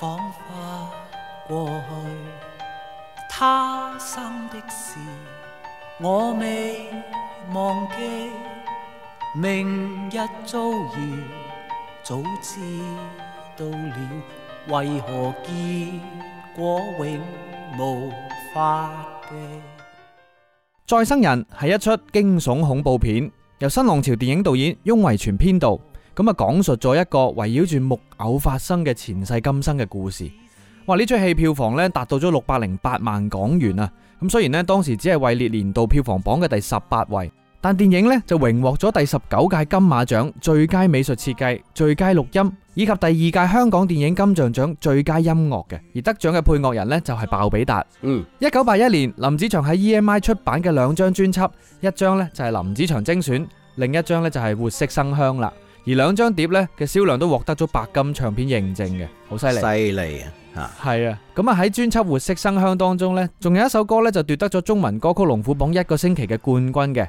仿佛過去，他生的事我未忘記。明日遭遇早知道了，為何結果永無法避？再生人係一齣驚悚恐怖片，由新浪潮電影導演翁維銓編導，咁啊，講述咗一個圍繞住木偶發生嘅前世今生嘅故事。哇！呢齣戲票房呢達到咗六百零八萬港元啊！咁雖然呢當時只係位列年度票房榜嘅第十八位。但電影呢就榮獲咗第十九屆金馬獎最佳美術設計、最佳錄音以及第二屆香港電影金像獎最佳音樂嘅，而得獎嘅配樂人呢就係鮑比達。嗯，一九八一年林子祥喺 EMI 出版嘅兩張專輯，一張呢就係林子祥精選，另一張呢就係活色生香啦。而兩張碟呢嘅銷量都獲得咗白金唱片認證嘅，好犀利！犀利啊，吓係啊！咁啊喺專輯《活色生香》當中呢，仲有一首歌呢就奪得咗中文歌曲龍虎榜一個星期嘅冠軍嘅。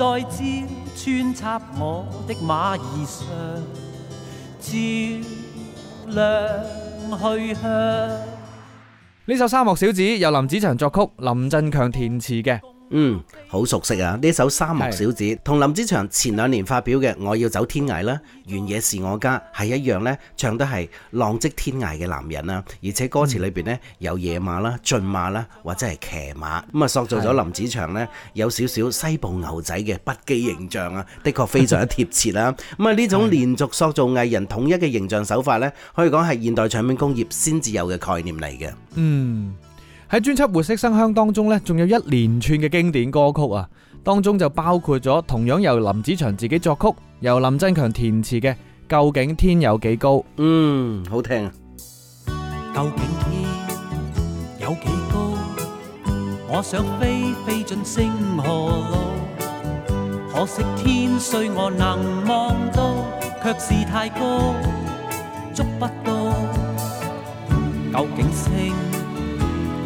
再次穿插我的馬兒上，照亮去向。呢首《沙漠小子》由林子祥作曲，林振強填詞嘅。嗯，好熟悉啊！呢首《沙漠小子》同林子祥前兩年發表嘅《我要走天涯》啦，《原野是我家》係一樣呢唱得係浪跡天涯嘅男人啊！而且歌詞裏邊呢，有野馬啦、駿馬啦，或者係騎馬，咁啊塑造咗林子祥呢有少少西部牛仔嘅不羈形象啊，的確非常之貼切啦！咁啊呢種連續塑造藝人統一嘅形象手法呢，可以講係現代唱片工業先至有嘅概念嚟嘅。嗯。喺專輯《活色生香》當中呢，仲有一連串嘅經典歌曲啊，當中就包括咗同樣由林子祥自己作曲、由林振強填詞嘅《究竟天有幾高》。嗯，好聽啊！究竟天有幾高？我想飛飛進星河路，可惜天雖我能望到，卻是太高，捉不到。究竟星？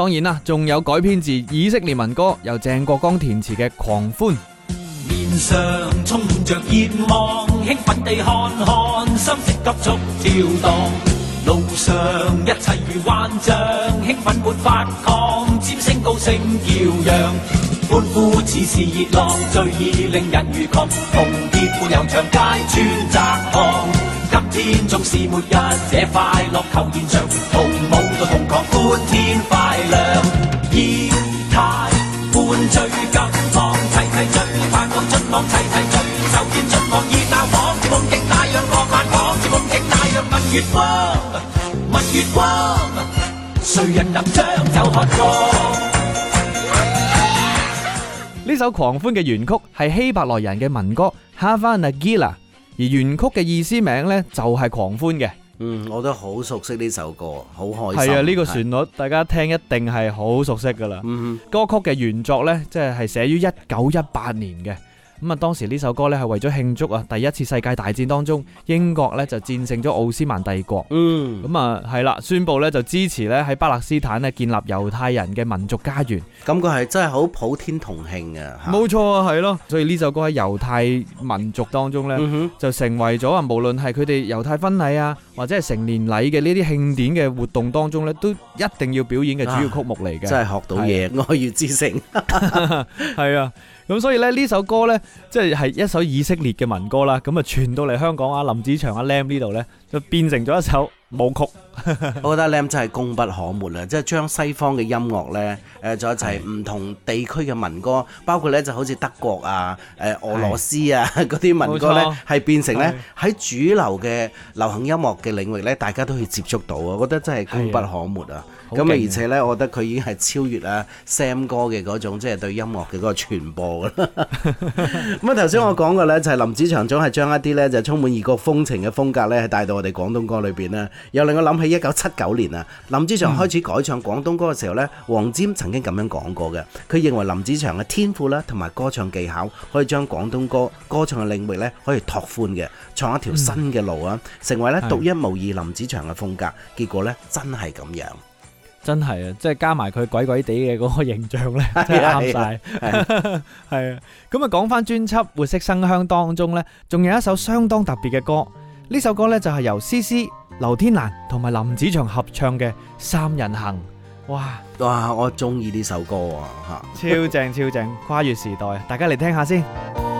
當然啦，仲有改編自以色列民歌、由鄭國江填詞嘅《狂歡》。面上充滿着熱望，興奮地看看，心息急速跳蕩。路上一切如幻象，興奮沒法抗，尖聲高聲叫嚷，歡呼似是熱浪，最易令人如狂。同結伴遊長街，穿窄巷，今天縱是末日，這快樂求延長，同狂歡天快亮。呢首狂歡嘅原曲係希伯來人嘅民歌《Hava Nagila》，而原曲嘅意思名呢、就是，就係狂歡嘅。嗯，我都好熟悉呢首歌，好開心。係啊，呢個旋律大家聽一定係好熟悉噶啦。嗯哼，歌曲嘅原作呢，即係寫於一九一八年嘅。咁啊，當時呢首歌咧係為咗慶祝啊，第一次世界大戰當中英國咧就戰勝咗奧斯曼帝國。Mm. 嗯。咁啊，係啦，宣布咧就支持咧喺巴勒斯坦咧建立猶太人嘅民族家園。感覺係真係好普天同慶啊！冇錯啊，係咯。所以呢首歌喺猶太民族當中呢，就成為咗啊，無論係佢哋猶太婚禮啊，或者係成年禮嘅呢啲慶典嘅活動當中呢，都一定要表演嘅主要曲目嚟嘅、啊。真係學到嘢，對了。《愛粵之城》。係啊。咁所以咧，呢首歌呢，即係係一首以色列嘅民歌啦。咁啊，傳到嚟香港啊，林子祥啊，Lam 呢度呢，就變成咗一首舞曲。 (laughs) 我覺得 Lam 真係功不可沒啊！即、就、係、是、將西方嘅音樂呢，誒、呃，仲有一齊唔同地區嘅民歌，的包括呢就好似德國啊、誒、呃、俄羅斯啊嗰啲民歌呢，係錯變成呢喺的主流嘅流行音樂嘅領域呢，大家都去接觸到啊。我覺得真係功不可沒啊！咁而且咧，我覺得佢已經係超越啦 Sam 哥嘅嗰種，即係對音樂嘅嗰個傳播啦。咁啊，頭先我講嘅呢，就係林子祥，總係將一啲呢，就充滿異國風情嘅風格呢，係帶到我哋廣東歌裏邊啦。又令我諗起一九七九年啊，林子祥開始改唱廣東歌嘅時候呢，黃沾、嗯、曾經咁樣講過嘅。佢認為林子祥嘅天賦啦，同埋歌唱技巧可以將廣東歌歌唱嘅領域呢，可以拓寬嘅，創一條新嘅路啊，成為咧獨一無二林子祥嘅風格。結果呢，真係咁樣。真係啊，即係加埋佢鬼鬼地嘅嗰個形象呢，真係啱晒。係啊，咁啊講翻專輯《活色生香》當中呢，仲有一首相當特別嘅歌。呢首歌呢就係由詩詩、劉天蘭同埋林子祥合唱嘅《三人行》。哇！哇！我中意呢首歌啊！嚇，超正超正，跨越時代，大家嚟聽下先。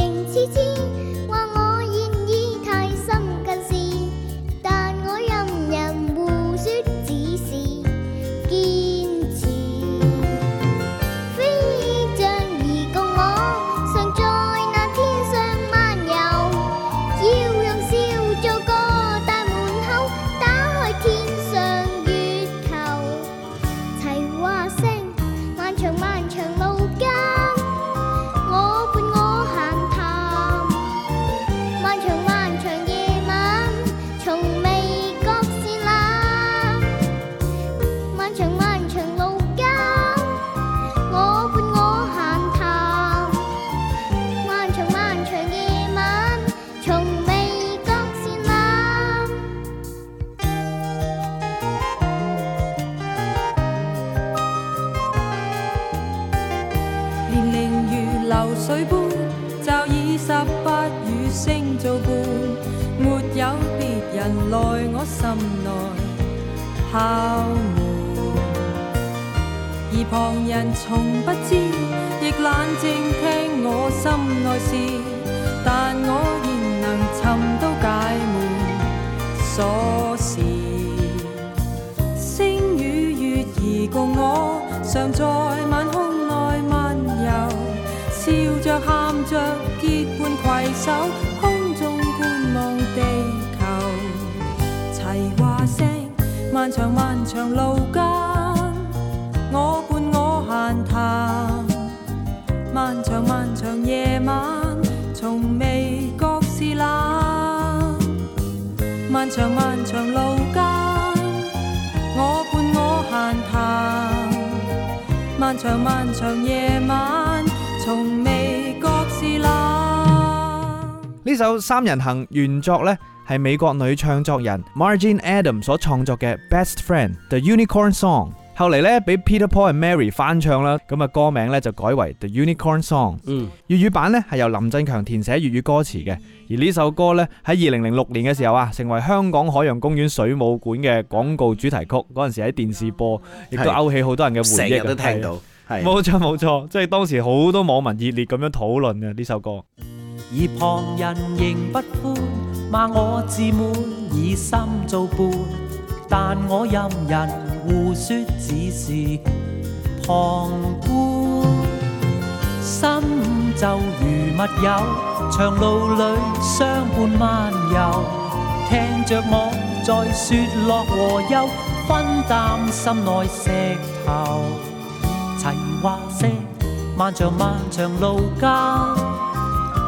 《三人行》原作咧係美國女唱作人 Margene Adams 所創作嘅《Best Friend》，《The Unicorn Song》後來呢。後嚟咧俾 Peter Paul and Mary 翻唱啦，咁、那、啊、個、歌名咧就改為《The Unicorn Song》。嗯。粵語版咧係由林振強填寫粵語歌詞嘅，而呢首歌咧喺二零零六年嘅時候啊，成為香港海洋公園水母館嘅廣告主題曲。嗰陣時喺電視播，亦都勾起好多人嘅回憶。成日都聽到。係對。冇錯冇錯，即係、就是、當時好多網民熱烈咁樣討論嘅呢首歌。而旁人仍不歡，罵我自滿以心做伴，但我任人胡説，只是旁觀。心就如密友，長路裏相伴漫遊，聽着我在説樂和憂，分擔心內石頭。齊話些漫長漫長路間。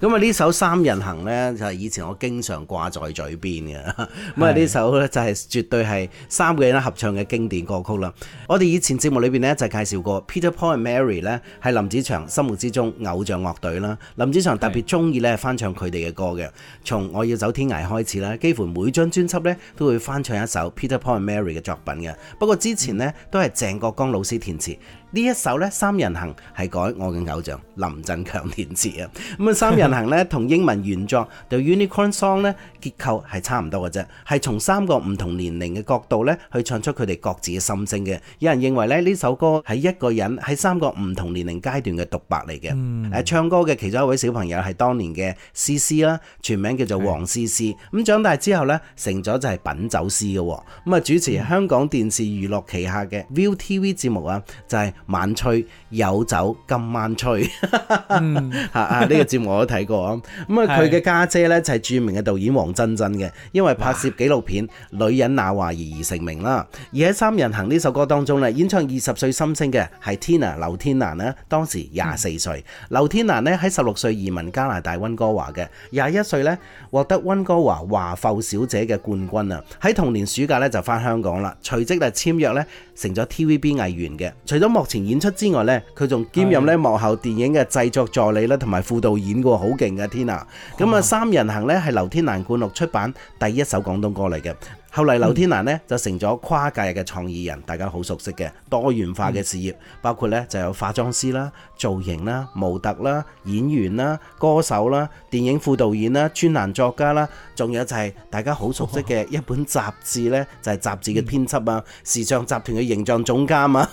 咁啊！呢首《三人行》呢就係以前我經常掛在嘴邊嘅。咁啊的！呢首呢就係絕對係三個人合唱嘅經典歌曲啦。我哋以前節目裏面呢，就介紹過 Peter Paul and Mary 呢係林子祥心目之中偶像樂隊啦。林子祥特別中意呢翻唱佢哋嘅歌嘅，從《我要走天涯》開始啦，幾乎每張專輯呢都會翻唱一首 Peter Paul and Mary 嘅作品嘅。不過之前呢，都係鄭國江老師填詞。呢一首咧《三人行》係改我嘅偶像林振強填詞啊！咁啊，《三人行》咧同英文原作《The Unicorn Song》咧結構係差唔多嘅啫，係從三個唔同年齡嘅角度咧去唱出佢哋各自嘅心聲嘅。有人認為咧呢首歌係一個人喺三個唔同年齡階段嘅獨白嚟嘅。誒，唱歌嘅其中一位小朋友係當年嘅思思詩詩啦，全名叫做黃詩詩。咁長大之後咧，成咗就係品酒師嘅喎。咁啊，主持香港電視娛樂旗下嘅 ViuTV 節目啊，就係、是。晚吹有酒今晚吹，啊 (laughs) 啊、嗯！呢個節目我都睇過啊。咁啊，佢嘅家姐呢，就係著名嘅導演黃真真嘅，因為拍攝紀錄片《女人那話》而而成名啦。哇而喺《三人行》呢首歌當中呢，演唱二十歲心聲嘅係 Tina 劉天蘭呢，當時廿四歲。劉、嗯、天蘭呢，喺十六歲移民加拿大溫哥華嘅，廿一歲呢獲得溫哥華華埠小姐嘅冠軍啊。喺同年暑假呢，就翻香港啦，隨即就簽約呢，成咗 TVB 藝員嘅。除咗目前，演出之外咧，佢仲兼任咧幕後電影嘅製作助理啦，同埋副導演嘅喎，好勁嘅天啊！咁啊，《三人行》呢，係劉天蘭灌錄出版第一首廣東歌嚟嘅。.後嚟，劉天蘭咧就成咗跨界嘅創意人，大家好熟悉嘅多元化嘅事業，包括咧就有化妝師啦、造型啦、模特啦、演員啦、歌手啦、電影副導演啦、專欄作家啦，仲有就係大家好熟悉嘅一本雜誌呢，就係、是、雜誌嘅編輯啊、時尚集團嘅形象總監啊，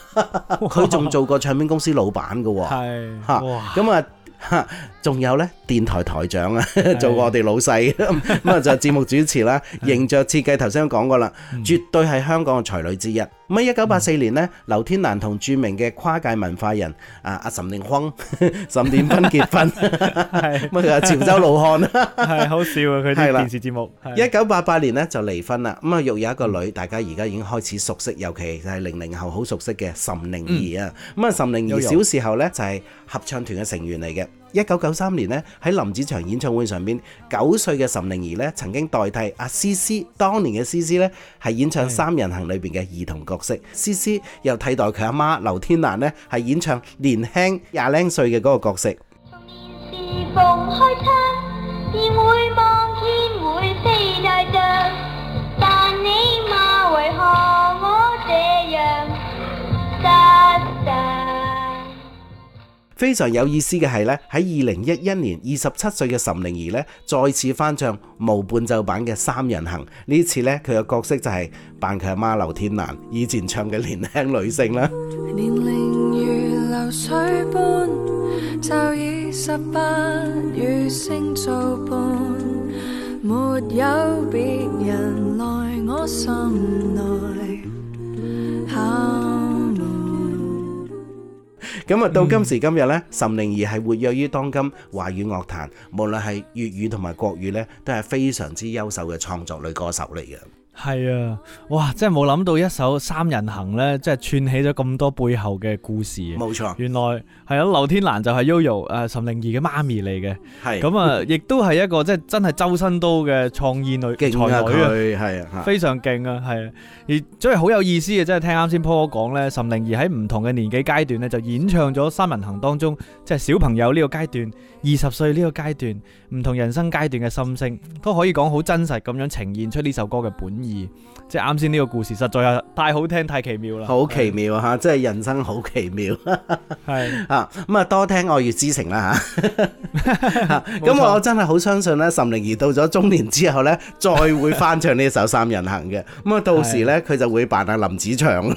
佢仲哇 (laughs) 做過唱片公司老闆嘅喎，係吓咁啊。 (laughs) 仲有咧，電台台長啊，做過我哋老細，咁啊 (laughs) 就節目主持啦，形象設計頭先都講過啦，絕對係香港嘅才女之一。咁喺一九八四年呢，劉天蘭同著名嘅跨界文化人啊阿岑連坤，岑建勳結婚，咁啊 (laughs) (laughs) 潮州老漢，係 (laughs) 好笑啊佢睇電視節目。一九八八年呢，就離婚啦，咁啊育有一個女，大家而家已經開始熟悉，尤其就係零零後好熟悉嘅岑寧兒啊。咁啊、嗯、岑寧兒小時候呢，就係合唱團嘅成員嚟嘅。一九九三年呢，喺林子祥演唱會上邊，九歲嘅岑寧兒呢，曾經代替阿詩詩當年嘅詩詩呢，係演唱《三人行》裏邊嘅兒童角色。詩詩的又替代佢阿媽劉天蘭呢，係演唱年輕廿零歲嘅嗰個角色。但你媽為何我這樣？非常有意思嘅係咧，喺二零一一年，二十七歲嘅岑寧兒再次翻唱無伴奏版嘅《三人行》，呢次咧佢嘅角色就係扮佢阿媽劉天蘭，以前唱嘅年輕女性啦。年齡如流水般，就以十八與星做伴，沒有別人來我心內。到今時今日咧，岑寧兒係活躍於當今華語樂壇，無論係粵語同埋國語，都係非常之優秀嘅創作女歌手嚟。係啊，哇！真係冇諗到一首《三人行》呢咧，即係串起咗咁多背後嘅故事。冇錯錯，原來係、呃、是啊，劉天蘭就係 Yoyo 誒，岑寧兒嘅媽咪嚟嘅。係咁啊，亦都係一個即係真係周身都嘅創意女才女啊，係啊，非常勁啊，係啊。而真係好有意思嘅，即係聽啱先波哥講咧，岑寧兒喺唔同嘅年紀階段咧，就演唱咗《三人行》當中，即係小朋友呢個階段。二十歲呢個階段，唔同人生階段嘅心聲，都可以講好真實咁樣呈現出呢首歌嘅本意。即係啱先呢個故事，實在係太好聽、太奇妙啦！好奇妙吓，即係人生好奇妙。係是啊，咁是啊多聽《愛粵之城》啦吓。咁我真係好相信呢，岑寧兒到咗中年之後呢，再會翻唱呢首《三人行》嘅。咁啊，到時呢，佢是就會扮阿林子祥。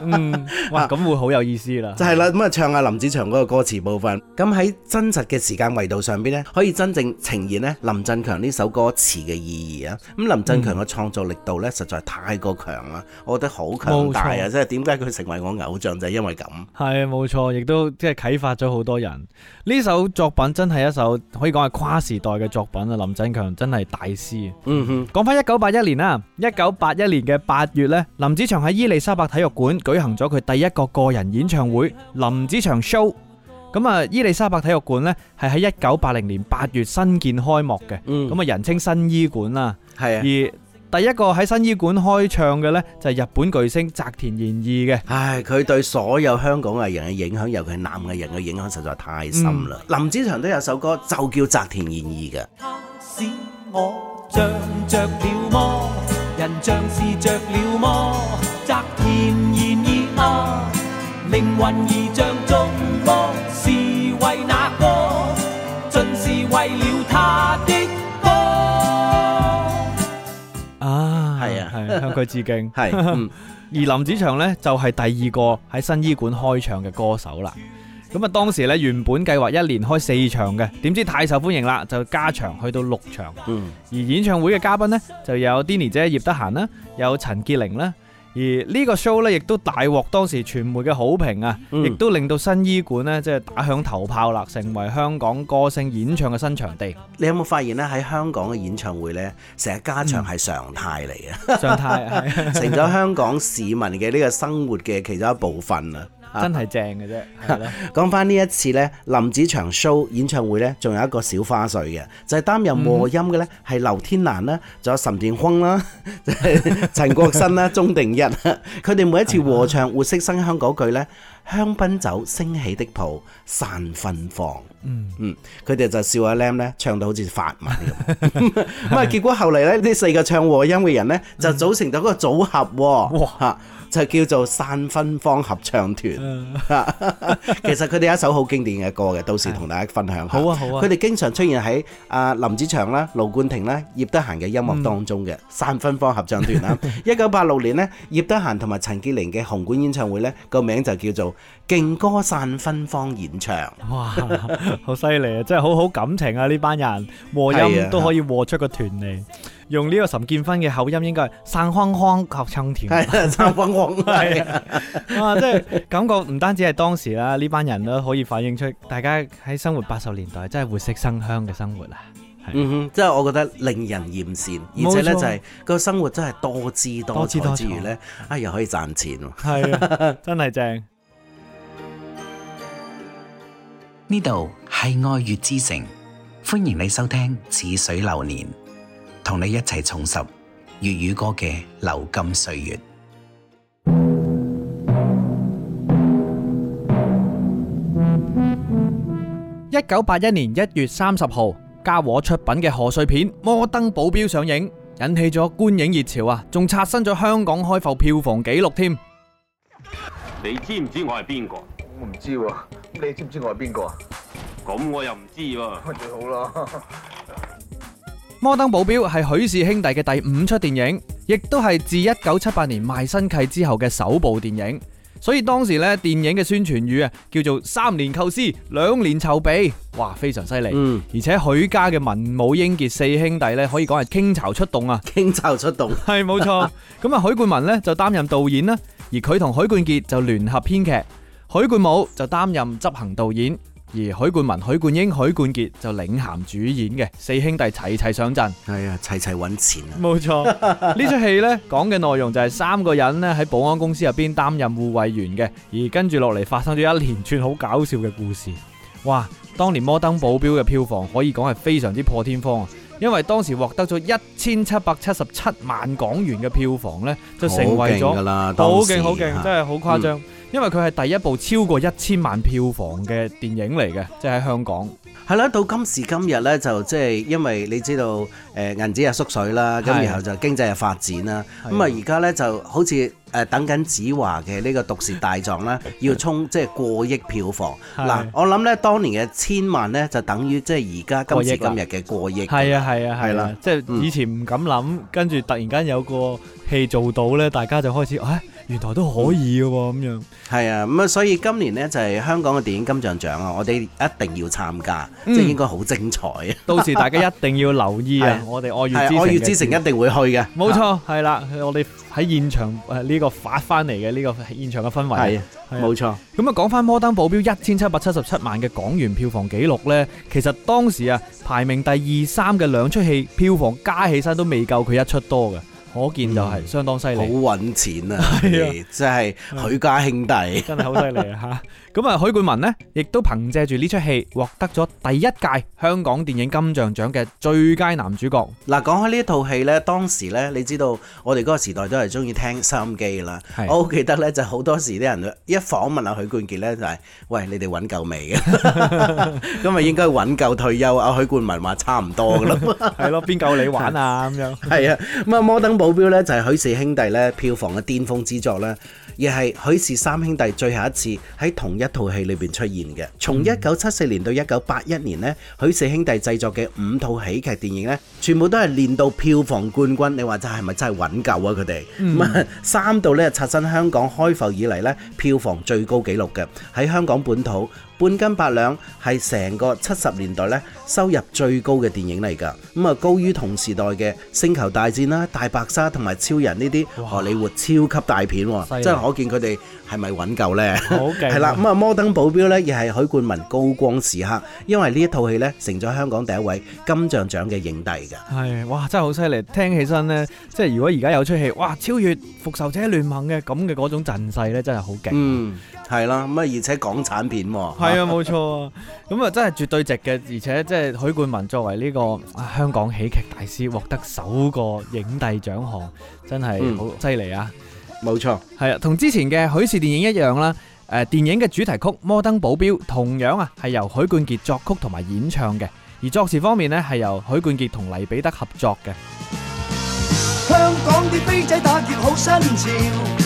嗯、哇，咁、啊、會好有意思啦。就係啦，咁啊是唱下林子祥嗰個歌詞部分。咁喺真實嘅時間。但維度上邊咧，可以真正呈現咧林振強呢首歌詞嘅意義啊！咁林振強嘅創作力度咧，實在太過強啦，我覺得好強大啊！即係點解佢成為我偶像就係、是、因為咁。係，冇錯，亦都即係啟發咗好多人。呢首作品真係一首可以講係跨時代嘅作品啊！林振強真係大師。嗯哼，講翻一九八一年啦，一九八一年嘅八月咧，林子祥喺伊利沙伯體育館舉行咗佢第一個個人演唱會《林子祥 Show》。咁啊，伊利沙伯體育館呢，係喺一九八零年八月新建開幕嘅，咁啊，人稱新醫館啦。係啊，而第一個喺新醫館開唱嘅呢，就係日本巨星澤田研二嘅。唉，佢對所有香港藝人嘅影響，尤其係男藝人嘅影響實在太深啦。林子祥都有首歌就叫澤田研二嘅。那歌，是為啊，係是啊是，係向佢致敬。 (laughs) 係、嗯，而林子祥呢，就係、是、第二個喺新伊館開唱嘅歌手啦。咁啊，當時呢，原本計劃一年開四場嘅，點知太受歡迎啦，就加場去到六場。嗯，而演唱會嘅嘉賓呢，就有 Denny 姐、葉德嫻啦，有陳潔靈啦。而呢個 show 咧，亦都大獲當時傳媒嘅好評啊！亦都令到新醫館呢，即係打響頭炮啦，成為香港歌星演唱嘅新場地。你有冇發現呢？喺香港嘅演唱會呢，成日加場係常態嚟嘅、嗯，常態啊， (laughs) 成咗香港市民嘅呢個生活嘅其中一部分啊！啊、真係正嘅啫，講翻呢一次咧，林子祥 show 演唱會咧，仲有一個小花絮嘅，就係、是、擔任和音嘅咧，係劉天蘭啦，仲、嗯、有岑建勳啦， (laughs) 陳國新啦，鍾 (laughs) 定一，佢哋每一次和唱《活色生香》嗰句咧，香檳酒升起的泡散芬芳。嗯嗯，佢哋就笑阿 Lam 咧，唱到好似法文咁，咁 (laughs) 啊，結果後嚟咧，呢四個唱和音嘅人呢，就組成咗個組合，哇、嗯，就叫做散芬芳合唱團。 (laughs) 其實佢哋有一首好經典嘅歌嘅，嗯、到時同大家分享下好、啊。好啊好啊，佢哋經常出現喺阿林子祥啦、盧冠廷啦、葉德嫻嘅音樂當中嘅散芬芳合唱團啊。一九八六年呢，葉德嫻同埋陳潔玲嘅紅館演唱會呢，個名就叫做勁歌散芬芳演唱。 (laughs) 好犀利啊！真係好好感情啊！呢班人和音都可以和出個團嚟，啊、用呢個岑建勳嘅口音，應該係散芬芳合唱團，散芬芳，哇！即係感覺唔單止係當時啦，呢班人啦，可以反映出大家喺生活八十年代真係活色生香嘅生活啊！嗯，即係我覺得令人艷羨，啊、而且咧就係個生活真係多姿多彩之餘咧，啊又可以賺錢、啊，係、啊、真係正。 (laughs) 呢度係愛粵之城，歡迎你收聽《似水流年》，同你一齊重拾粵語歌嘅流金歲月。一九八一年一月三十號，嘉禾出品嘅賀歲片《摩登保鏢》上映，引起咗觀影熱潮啊！仲刷新咗香港開埠票房紀錄添。你知唔知我係邊個？我唔知喎、啊，你知唔知我係邊個啊？咁我又唔知喎、啊，最好啦。 (laughs) 《摩登保鏢》係許氏兄弟嘅第五出電影，亦都係自一九七八年賣身契之後嘅首部電影。所以當時咧，電影嘅宣傳語啊，叫做三年構思，兩年籌備，哇，非常犀利。嗯。而且許家嘅文武英傑四兄弟咧，可以講係傾巢出動啊。傾巢出動。係冇錯。咁啊，許冠文呢，就擔任導演啦，而佢同許冠傑就聯合編劇。許冠武就擔任執行導演，而許冠文、許冠英、許冠傑就領銜主演嘅四兄弟齊齊上陣。係啊、哎，齊齊搵錢啊！冇錯，戲呢出戲咧講嘅內容就係三個人咧喺保安公司入邊擔任護衛員嘅，而跟住落嚟發生咗一連串好搞笑嘅故事。哇！當年《摩登保鏢》嘅票房可以講係非常之破天荒啊！因為當時獲得咗一千七百七十七萬港元嘅票房呢，就成為咗好勁好勁，真係好誇張。嗯、因為佢係第一部超過一千萬票房嘅電影嚟嘅，即係喺香港。係啦，到今時今日呢，就即、是、係因為你知道，誒銀子又縮水啦，咁然後就經濟又發展啦，咁啊而家呢，就好似。呃、等緊子華嘅呢個《毒舌大狀》呢啦， (laughs) 要衝即係過億票房。嗱是、呃，我諗呢當年嘅千萬呢，就等於即係而家今時今日嘅過億。係啊，係啊，係啦，即係以前唔敢諗，跟住突然間有個戲做到呢，大家就開始、啊原來都可以嘅喎，咁樣。係啊，咁啊，所以今年呢，就係香港嘅電影金像獎啊，我哋一定要參加，嗯、即係應該好精彩啊！到時大家一定要留意啊！ (laughs) 啊我哋愛粵之城、啊，愛粵之城一定會去嘅，冇錯，係啦、啊，我哋喺現場誒呢、呢個發翻嚟嘅呢個現場嘅氛圍，冇、啊啊、錯。咁啊，講翻《摩登保鏢》一千七百七十七萬嘅港元票房紀錄呢，其實當時啊排名第二三嘅兩出戲票房加起身都未夠佢一出多嘅。我見就係相當犀利，好揾、嗯、錢啊！係啊，真係許家兄弟，嗯、真係好犀利啊！嚇咁啊，許冠文呢，亦都憑借住呢出戲獲得咗第一屆香港電影金像獎嘅最佳男主角。嗱，講開呢一套戲呢，當時呢，你知道我哋嗰個時代都係中意聽收音機啦。啊、我好記得呢，就好多時啲人一訪問阿許冠傑呢，就係、是：喂，你哋揾夠未？咁啊，應該揾夠退休。阿許冠文話：差唔多噶啦，係咯，邊夠你玩啊？咁樣係啊，咁啊，摩登保鏢咧就係許氏兄弟咧票房嘅巔峰之作咧，亦係許氏三兄弟最後一次喺同一套戲裏邊出現嘅。從一九七四年到一九八一年呢，許氏兄弟製作嘅五套喜劇電影呢，全部都係連到票房冠軍。你話真係咪真係穩夠啊？佢哋、嗯、三度咧刷新香港開埠以嚟咧票房最高紀錄嘅喺香港本土。半斤八兩係成個七十年代咧收入最高嘅電影嚟㗎，咁啊高於同時代嘅星球大戰啦、大白鯊同埋超人呢啲荷里活超級大片，哇真係可見佢哋係咪揾夠咧？好勁！係啦、啊，咁啊 (laughs) 摩登保鏢呢，亦係許冠文高光時刻，因為呢一套戲呢，成咗香港第一位金像獎嘅影帝㗎。係哇，真係好犀利！聽起身呢，即係如果而家有出戲，哇超越復仇者聯盟嘅咁嘅嗰種陣勢咧，真係好勁。嗯係啦，咁而且係港產片喎，係啊，冇錯啊，咁啊， (laughs) 咁真係絕對值嘅，而且即係許冠文作為呢、呢個、啊、香港喜劇大師，獲得首個影帝獎項，真係好犀利啊！冇錯、嗯，係啊，同之前嘅許氏電影一樣啦。誒、呃，電影嘅主題曲《摩登保鏢》同樣啊係由許冠傑作曲同埋演唱嘅，而作詞方面呢，係由許冠傑同黎彼得合作嘅。香港啲飛仔打劫好新潮。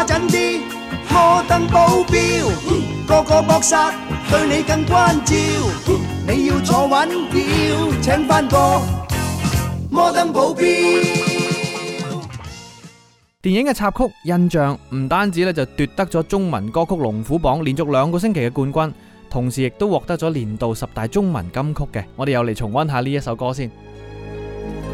揸緊啲摩登保鏢，個個搏殺對你更關照，你要坐穩了，請翻個摩登保鏢。電影嘅插曲《印象》唔單止咧就奪得咗中文歌曲龍虎榜連續兩個星期嘅冠軍，同時亦都獲得咗年度十大中文金曲嘅。我哋又嚟重溫下呢一首歌先。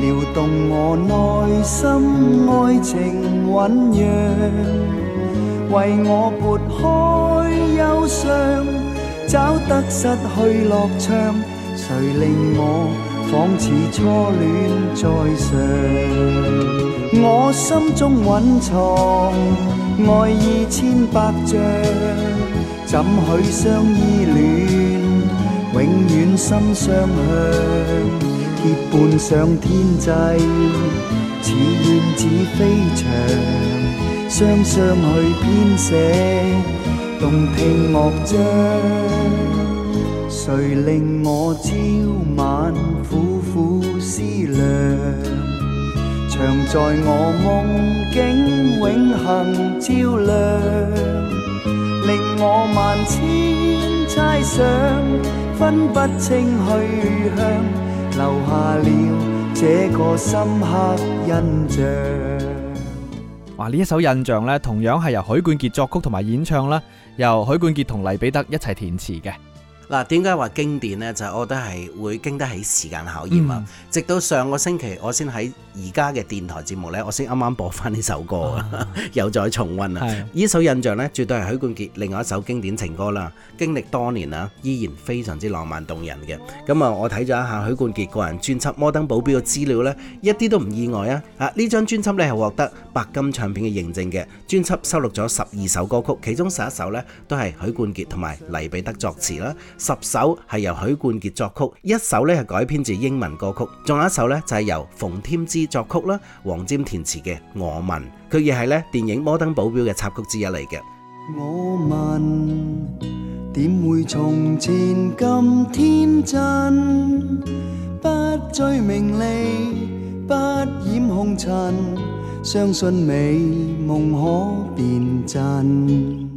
撩動我內心愛情醞釀，為我撥開憂傷，找得失去樂章。誰令我仿似初戀再嘗？我心中蘊藏愛意千百丈，怎許相依戀，永遠心相向。結伴上天際，似燕子飛翔，雙雙去編寫動聽樂章。誰令我朝晚苦苦思量，常在我夢境永恆照亮，令我萬千猜想，分不清去向。留下了這個深刻印象。哇！呢一首印象呢同樣係由許冠傑作曲同埋演唱啦，由許冠傑同黎彼得一齊填詞嘅。嗱，點解話經典呢？就係我覺得係會經得起時間考驗啊！直到上個星期，我先喺而家嘅電台節目呢，我先啱啱播翻呢首歌啊，又再重溫啊，呢首印象呢，絕對係許冠傑另外一首經典情歌啦。經歷多年啊，依然非常之浪漫動人嘅。咁啊，我睇咗一下許冠傑個人專輯《摩登保鏢》嘅資料呢，一啲都唔意外啊！啊，呢張專輯呢，係獲得白金唱片嘅認證嘅。專輯收錄咗十二首歌曲，其中十一首呢，都係許冠傑同埋黎彼得作詞啦。十首係由許冠傑作曲，一首咧係改編自英文歌曲，仲有一首咧就係由馮添枝作曲啦，黃霑填詞嘅《我問》，佢亦係咧電影《摩登保鏢》嘅插曲之一嚟嘅。我問點會從前咁天真，不追名利不染紅塵，相信美夢可變真。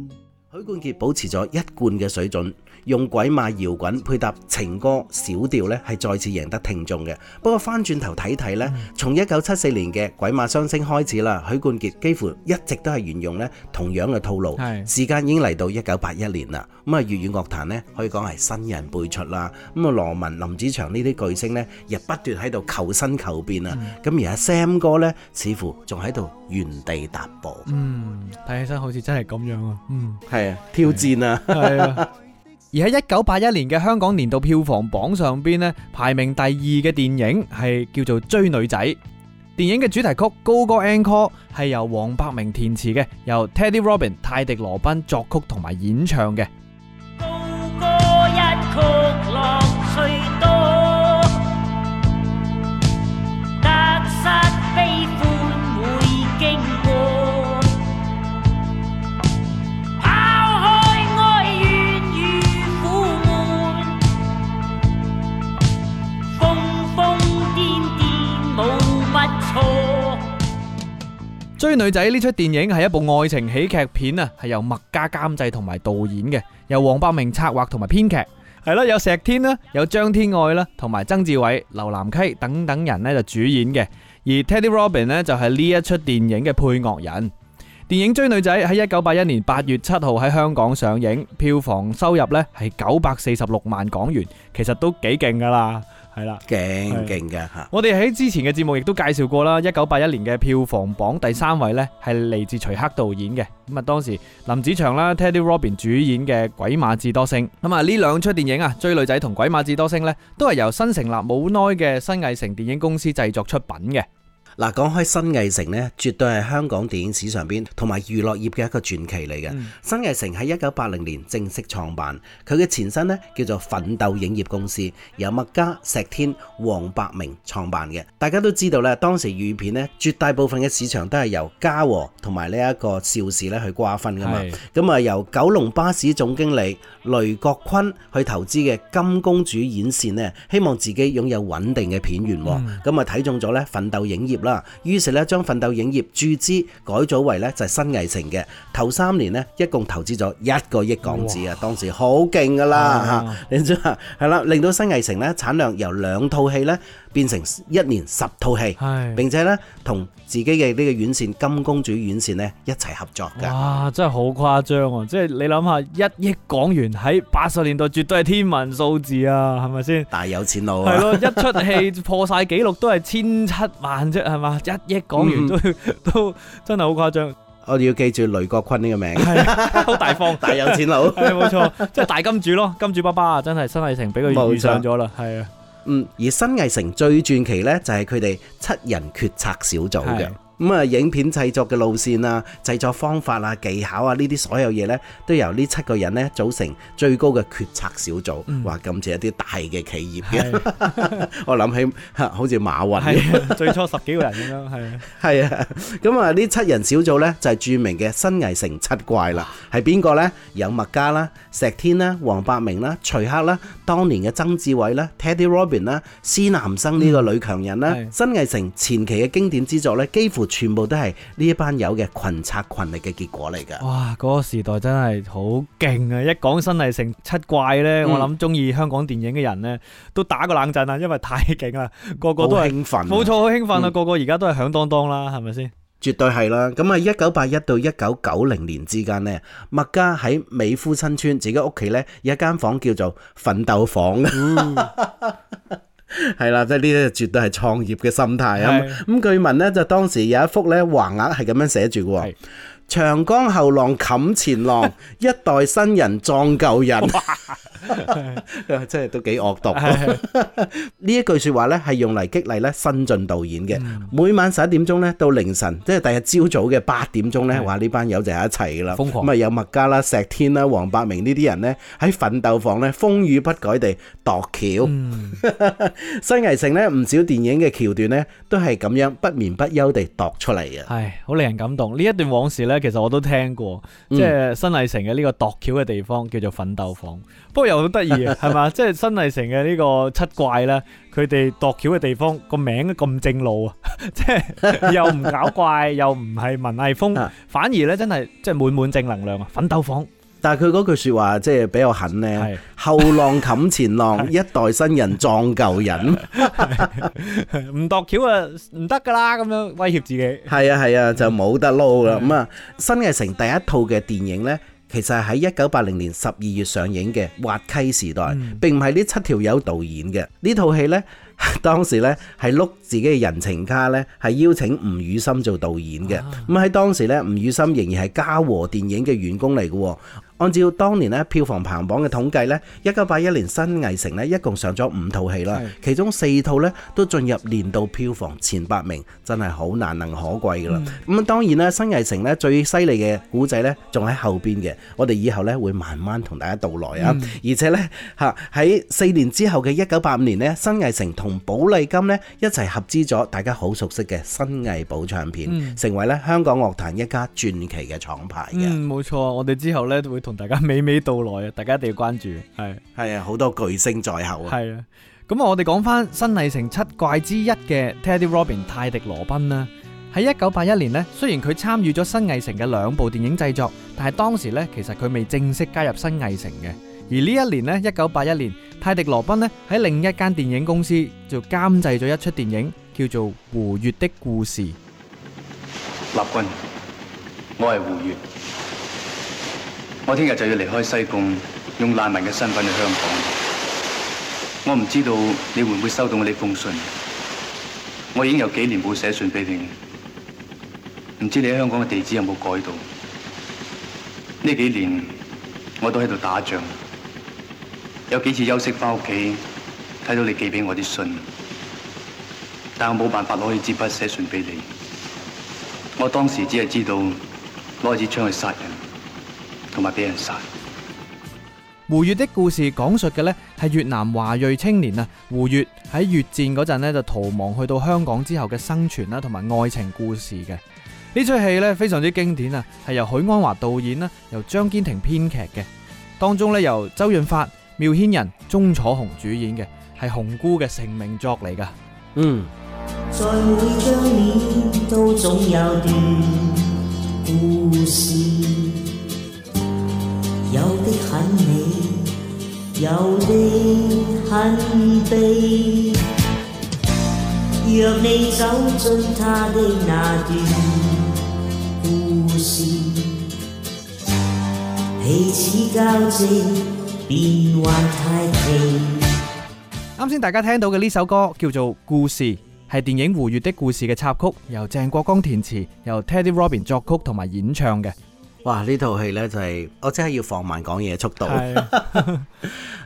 許冠傑保持咗一貫嘅水準。用鬼馬搖滾配搭情歌小調呢係再次贏得聽眾嘅。不過翻轉頭睇睇呢從一九七四年嘅《鬼馬雙星》開始啦，許冠傑幾乎一直都係沿用呢同樣嘅套路。時間已經嚟到一九八一年啦，咁啊粵語樂壇呢可以講係新人輩出啦。咁啊羅文、林子祥呢啲巨星呢，亦不斷喺度求新求變啊。咁而家 Sam 哥呢，似乎仲喺度原地踏步，嗯。嗯，睇起身好似真係咁樣啊。嗯，係啊，挑戰啊。係啊。而喺一九八一年嘅香港年度票房榜上邊咧排名第二嘅電影係叫做《追女仔》，電影嘅主題曲《高歌 Encore》係由黃百鳴填詞嘅，由 Teddy Robin 泰迪羅賓作曲同埋演唱嘅。《追女仔》呢齣電影係一部愛情喜劇片啊，係由麥家監製同埋導演嘅，由黃百鳴策劃同埋編劇，係啦，有石天啦，有張天愛啦，同埋曾志偉、劉南溪等等人呢就主演嘅。而 Teddy Robin 呢就係呢一齣電影嘅配樂人。電影《追女仔》喺一九八一年八月七號喺香港上映，票房收入呢係九百四十六萬港元，其實都幾勁噶啦。係啦，勁勁嘅吓。是我哋喺之前嘅節目亦都介紹過啦，一九八一年嘅票房榜第三位呢係嚟自徐克導演嘅。咁啊，當時林子祥啦、Teddy Robin 主演嘅《鬼馬智多星》。咁啊，呢 (music) 兩出電影啊，《追女仔》同《鬼馬智多星》呢，都係由新成立冇耐嘅新藝城電影公司製作出品嘅。嗱，講開新藝城呢，絕對係香港電影史上邊同埋娛樂業嘅一個傳奇嚟嘅。嗯、新藝城喺一九八零年正式創辦，佢嘅前身呢，叫做奮鬥影業公司，由麥嘉、石天、黃百鳴創辦嘅。大家都知道咧，當時粵片呢，絕大部分嘅市場都係由嘉禾同埋呢一個邵氏咧去瓜分噶嘛。咁啊的，由九龍巴士總經理。雷國坤去投資嘅金公主院線咧，希望自己擁有穩定嘅片源，咁啊睇中咗咧奮鬥影業啦，於是咧將奮鬥影業注資改咗為咧就係新藝城嘅。頭三年呢，一共投資咗一個億港紙啊，當時好勁噶啦嚇，你知啊，係啦，令到新藝城咧產量由兩套戲咧。變成一年十套戲，並且咧同自己嘅呢個院線金公主院線咧一齊合作嘅。哇！真係好誇張啊！即係你諗下，一億港元喺八十年代絕對係天文數字啊，係咪先？大有錢佬啊！係咯，一出戲破曬紀錄都係千七萬啫，係嘛？一億港元都都真係好誇張。我哋要記住雷國坤呢個名，係好大方，大有錢佬，係冇錯，即係大金主咯，金主爸爸啊，真係新藝城俾佢遇上咗啦，係啊！嗯，而新藝城最傳奇咧，就係佢哋七人決策小組嘅。咁啊、嗯，影片製作嘅路線啊，製作方法啊，技巧啊，呢啲所有嘢咧，都由呢七個人咧組成最高嘅決策小組，嗯、哇！咁似一啲大嘅企業。嘅是， (laughs) 我諗起嚇，好似馬雲最初十幾個人咁樣，係啊，係啊，咁啊，呢七人小組咧就係、是、著名嘅新藝城七怪啦，係邊個咧？有麥嘉啦、石天啦、黃百鳴啦、徐克啦、當年嘅曾志偉啦、Teddy、嗯、Robin 啦、施南生呢個女強人啦、啊，的新藝城前期嘅經典之作咧，幾乎。全部都係呢一班友嘅群策群力嘅結果嚟噶、嗯。哇！嗰、那個時代真係好勁啊！一講新藝城七怪呢，我諗中意香港電影嘅人呢都打個冷震啊，因為太勁啦，個個都係興奮。冇錯，好興奮啊！奮啊嗯、個個而家都係響噹噹啦，係咪先？絕對係啦。咁啊，一九八一到一九九零年之間呢，麥嘉喺美孚新村自己屋企呢，有一間房叫做奮鬥房。嗯 (laughs) 係啦，即係呢啲絕對係創業嘅心態啊！咁的據聞呢就當時有一幅咧橫額係咁樣寫住嘅：的長江後浪冚前浪， (laughs) 一代新人葬舊人。真係 (laughs) 都幾惡惡毒。呢 (laughs) 一句說話咧，係用嚟激勵咧新晉導演嘅。每晚十一點鐘咧，到凌晨，即係第二朝早嘅八點鐘咧，話呢 Okay. 班友就喺一齊㗎喇。咁啊，有麥嘉啦、石天啦、黃百鳴呢啲人咧，喺奮鬥房咧風雨不改地度橋。嗯， (laughs) 新藝城咧唔少電影嘅橋段咧，都係咁樣不眠不休地度出嚟嘅。係，好令人感動。呢一段往事咧，其實我都聽過。嗯、即係新藝城嘅呢個度橋嘅地方叫做奮鬥房。不過又好得意啊，係嘛？即係新藝城嘅呢個七怪咧，佢哋度橋嘅地方個名咁正路啊，即係又唔搞怪，又唔係文藝風，反而咧真係即係滿滿正能量啊！奮鬥房，但係佢嗰句説話即係比較狠咧，後浪冚前浪，一代新人撞舊人，唔度橋啊，唔得噶啦！咁樣威脅自己，係啊係啊，就冇得撈啦咁啊！新藝城第一套嘅電影咧。其實係喺一九八零年十二月上映嘅《滑稽時代》，並唔係呢七條友導演嘅呢套戲呢，當時呢係碌自己嘅人情卡呢，係邀請吳宇森做導演嘅。咁喺當時呢，吳宇森仍然係嘉禾電影嘅員工嚟嘅。按照當年咧票房排行榜嘅統計咧，一九八一年新藝城咧一共上咗五套戲啦，是的 其中四套咧都進入年度票房前八名，真係好難能可貴噶啦。咁啊，當然啦，新藝城咧最犀利嘅古仔咧仲喺後邊嘅，我哋以後咧會慢慢同大家道來啊。嗯、而且咧吓喺四年之後嘅一九八五年呢，新藝城同寶麗金呢一齊合資咗，大家好熟悉嘅新藝寶唱片，嗯、成為咧香港樂壇一家傳奇嘅廠牌嘅。冇錯、嗯，我哋之後咧會。同大家娓娓道來啊！大家一定要關注，係係啊，好多巨星在後啊！係啊，咁啊，我哋講翻新藝城七怪之一嘅 Teddy Robin 泰迪羅賓啦。喺一九八一年呢，雖然佢參與咗新藝城嘅兩部電影製作，但係當時呢其實佢未正式加入新藝城嘅。而呢一年呢，一九八一年，泰迪羅賓呢喺另一間電影公司就監製咗一出電影叫做《胡越的故事》。立軍，我係胡越。我聽日就要離開西貢，用難民嘅身份去香港。我唔知道你會唔會收到我呢封信。我已經有幾年冇寫信俾你，唔知你喺香港嘅地址有冇改到？呢幾年我都喺度打仗，有幾次休息翻屋企睇到你寄俾我啲信，但我冇辦法攞支筆寫信俾你。我當時只係知道攞支槍去殺人。同埋俾人殺。胡越的故事講述嘅呢係越南華裔青年啊，胡越喺越戰嗰陣呢，就逃亡去到香港之後嘅生存啦，同埋愛情故事嘅。呢出戲呢，非常之經典啊，係由許鞍華導演啦，由張堅庭編劇嘅。當中呢，由周潤發、繆騫人、鐘楚紅主演嘅，係紅姑嘅成名作嚟噶。嗯。有啲很美，有啲很悲，若你走進他的那段故事，彼此交織，變幻太平，啱先大家聽到嘅呢首歌叫做《故事》，係電影《胡越的故事》嘅插曲，由鄭國江填詞，由 Teddy Robin 作曲同埋演唱嘅。哇！呢套戲呢，就係我真係要放慢講嘢速度。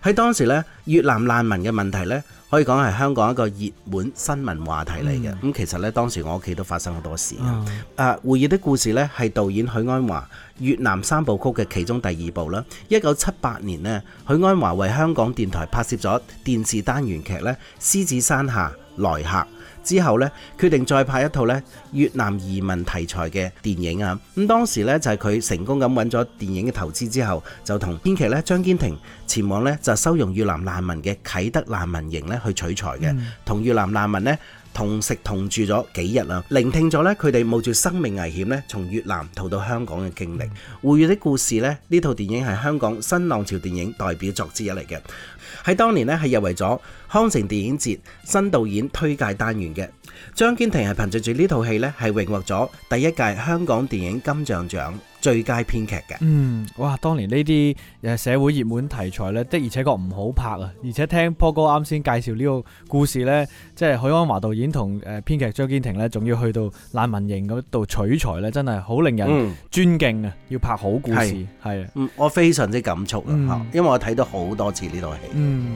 喺 (laughs) 當時咧，越南難民嘅問題呢，可以講係香港一個熱門新聞話題嚟嘅。咁其實呢，當時我屋企都發生好多事。誒、嗯，啊《會議的故事》呢，係導演許鞍華越南三部曲嘅其中第二部啦。一九七八年呢，許鞍華為香港電台拍攝咗電視單元劇咧，《獅子山下》來客。之後咧，決定再拍一套咧越南移民題材嘅電影啊！咁當時咧就係佢成功咁揾咗電影嘅投資之後，就同編劇咧張堅庭前往咧就收容越南難民嘅啟德難民營咧去取材嘅、嗯，同越南難民咧。同食同住咗幾日啦，聆聽咗咧佢哋冒住生命危險咧，從越南逃到香港嘅經歷。《胡越的故事》咧呢套電影係香港新浪潮電影代表作之一嚟嘅，喺當年呢係入圍咗康城電影節新導演推介單元嘅。張堅庭係憑藉住呢套戲呢係榮獲咗第一屆香港電影金像獎最佳編劇嘅，嗯，哇，當年呢啲誒社會熱門題材呢，的而且確唔好拍啊，而且聽波哥啱先介紹呢個故事呢，即係許鞍華導演同誒編劇張堅庭呢，仲要去到難民營嗰度取材呢，真係好令人尊敬啊！嗯、要拍好故事，係啊是，是我非常之感觸啊，吓、嗯，因為我睇到好多次呢套戲，嗯，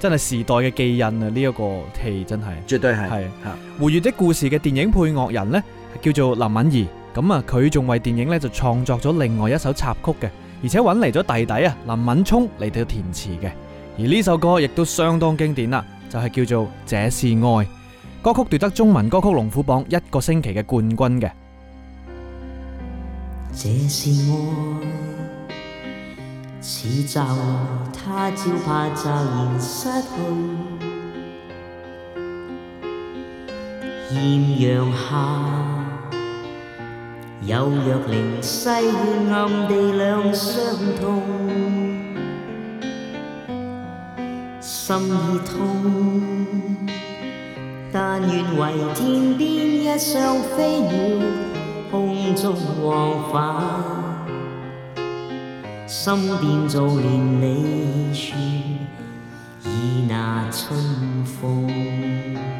真係時代嘅記印啊，呢、這、一個戲真係絕對係係吓。《胡越的故事》嘅電影配樂人呢，叫做林敏怡。咁啊，佢仲為電影呢就創作咗另外一首插曲嘅，而且揾嚟咗弟弟啊林敏聰嚟到填詞嘅，而呢首歌亦都相當經典啦，就係叫做《這是愛》，歌曲奪得中文歌曲龍虎榜一個星期嘅冠軍嘅。這是愛，似驟，他朝怕驟然失去，艷陽下。有若靈犀暗地兩相通，心已痛。但願為天邊一雙飛鳥，空中往返，心變做連理樹，倚那春風。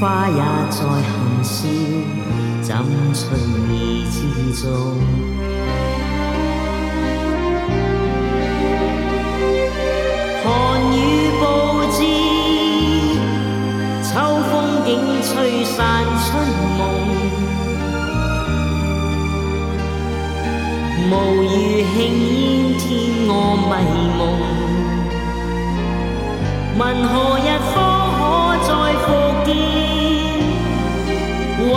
花也在含笑，怎春意之中？寒雨暴至，秋風竟吹散春夢。霧雨輕煙，添我迷夢。問何因？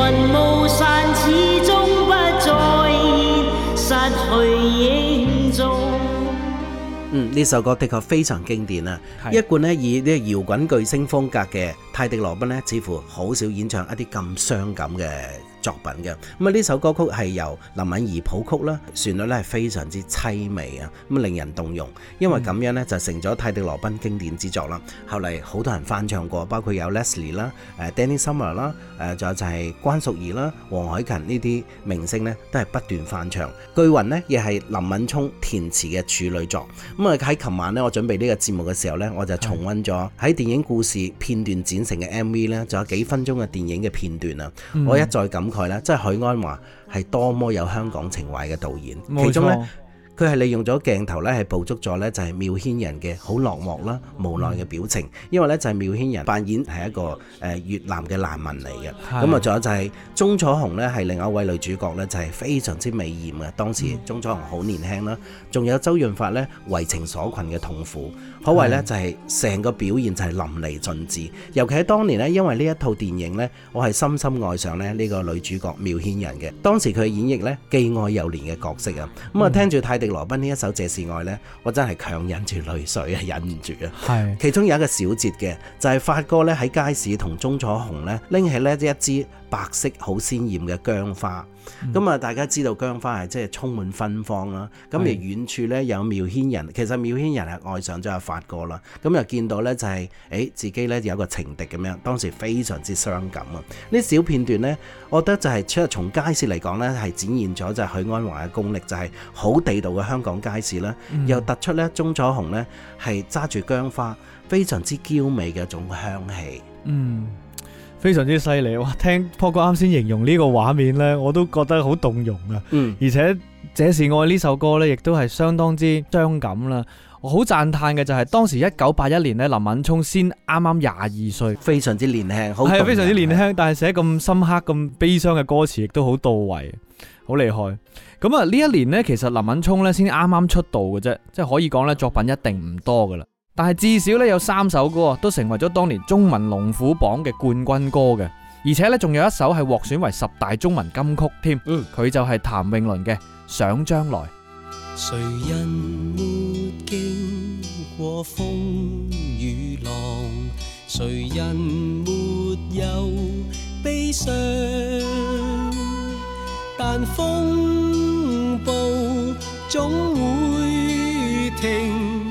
雲霧散，始終不再失去影蹤。嗯，呢首歌的確非常經典啊！的一貫咧以呢個搖滾巨星風格嘅泰迪羅賓咧，似乎好少演唱一啲咁傷感嘅。作品嘅。咁啊，呢首歌曲係由林敏怡譜曲啦，旋律咧係非常之淒美啊，咁令人動容。因為咁樣咧就成咗泰迪羅賓經典之作啦。後嚟好多人翻唱過，包括有 Leslie 啦、呃、誒 Danny Summer 啦、呃、誒仲有就係關淑怡啦、黃海芹呢啲明星咧都係不斷翻唱。據云咧亦係林敏聰填詞嘅處女作。咁啊喺琴晚咧我準備呢個節目嘅時候咧，我就重溫咗喺電影故事片段剪成嘅 MV 咧，仲有幾分鐘嘅電影嘅片段啊。嗯、我一再感。即係許鞍華係多麼有香港情懷嘅導演，其中咧。佢係利用咗鏡頭咧，係捕捉咗咧就係繆騫人嘅好落寞啦、無奈嘅表情。因為咧就係繆騫人扮演係一個誒越南嘅難民嚟嘅。咁啊仲有就係鐘楚紅咧係另外一位女主角咧就係非常之美豔嘅。當時鐘楚紅好年輕啦，仲有周潤發咧為情所困嘅痛苦，是的可謂咧就係成個表現就係淋漓盡致。尤其喺當年呢，因為呢一套電影呢，我係深深愛上咧呢個女主角繆騫人嘅。當時佢演繹呢，既愛又憐嘅角色啊。咁啊的聽住泰迪羅賓呢一首《這是愛》呢，我真係強忍住淚水啊，忍唔住啊！係的其中有一個小節嘅，就係、是、發哥呢喺街市同鍾楚紅呢拎起呢一支。白色好鮮豔嘅薑花，咁啊、嗯、大家知道薑花係即係充滿芬芳啦。咁是而遠處呢，有繆騫人，其實繆騫人係愛上咗阿發哥啦。咁又見到呢，就係，誒自己呢有個情敵咁樣，當時非常之傷感啊！呢小片段呢，我覺得就係出係從街市嚟講呢，係展現咗就許鞍華嘅功力，就係、是、好地道嘅香港街市啦，嗯、又突出呢，鍾楚紅呢係揸住薑花，非常之嬌美嘅一種香氣。嗯。非常之犀利，哇！聽波哥啱先形容呢個畫面呢，我都覺得好動容啊。嗯。而且《這是愛》呢首歌呢，亦都係相當之傷感啦。我好讚嘆嘅就係當時一九八一年呢，林敏聰先啱啱廿二歲，非常之年輕，係非常之年輕，但係寫咁深刻、咁悲傷嘅歌詞，亦都好到位，好厲害。咁啊，呢一年呢，其實林敏聰呢先啱啱出道嘅啫，即係可以講呢作品一定唔多噶啦。但係至少咧有三首歌啊，都成為咗當年中文龍虎榜嘅冠軍歌嘅，而且咧仲有一首係獲選為十大中文金曲添，佢就係譚詠麟嘅《想將來》。誰人沒經過風雨浪，誰人沒有悲傷，但風暴總會停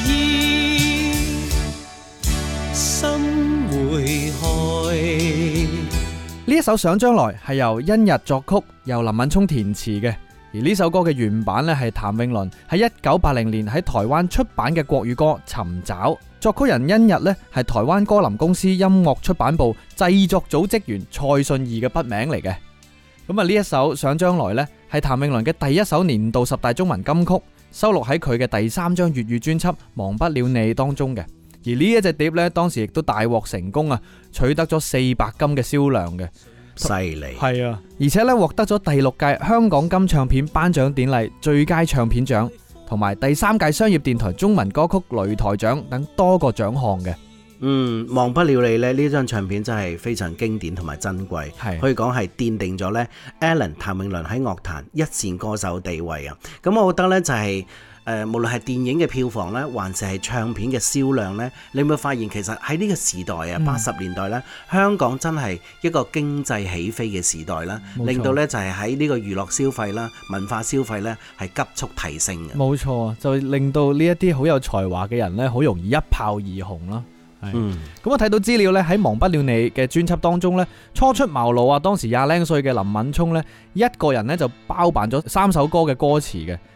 呢一首想將來係由欣日作曲，由林敏聰填詞嘅。而呢首歌嘅原版咧，係譚詠麟喺一九八零年喺台灣出版嘅國語歌《尋找》。作曲人欣日呢，係台灣歌林公司音樂出版部製作組職員蔡信義嘅筆名嚟嘅。咁啊，呢一首想將來呢，係譚詠麟嘅第一首年度十大中文金曲，收錄喺佢嘅第三張粵語專輯《忘不了你》當中嘅。而呢一隻碟咧，當時亦都大獲成功啊，取得咗四白金嘅銷量嘅，犀利害，係啊！而且咧獲得咗第六屆香港金唱片頒獎典禮最佳唱片獎，同埋第三屆商業電台中文歌曲擂台獎等多個獎項嘅。嗯，忘不了您咧呢張唱片真係非常經典同埋珍貴，係是可以講係奠定咗咧 Alan 譚詠麟喺樂壇一線歌手的地位啊！咁我覺得呢就係、是。誒，無論係電影嘅票房咧，還是係唱片嘅銷量咧，你有冇發現其實喺呢個時代啊，八十、嗯、年代咧，香港真係一個經濟起飛嘅時代啦，沒錯 令到呢就係喺呢個娛樂消費啦、文化消費呢係急速提升嘅。冇錯啊，就令到呢一啲好有才華嘅人呢好容易一炮而紅啦。嗯，咁我睇到資料呢喺《忘不了你》嘅專輯當中呢初出茅廬啊，當時廿零歲嘅林敏聰呢一個人呢就包辦咗三首歌嘅歌詞嘅。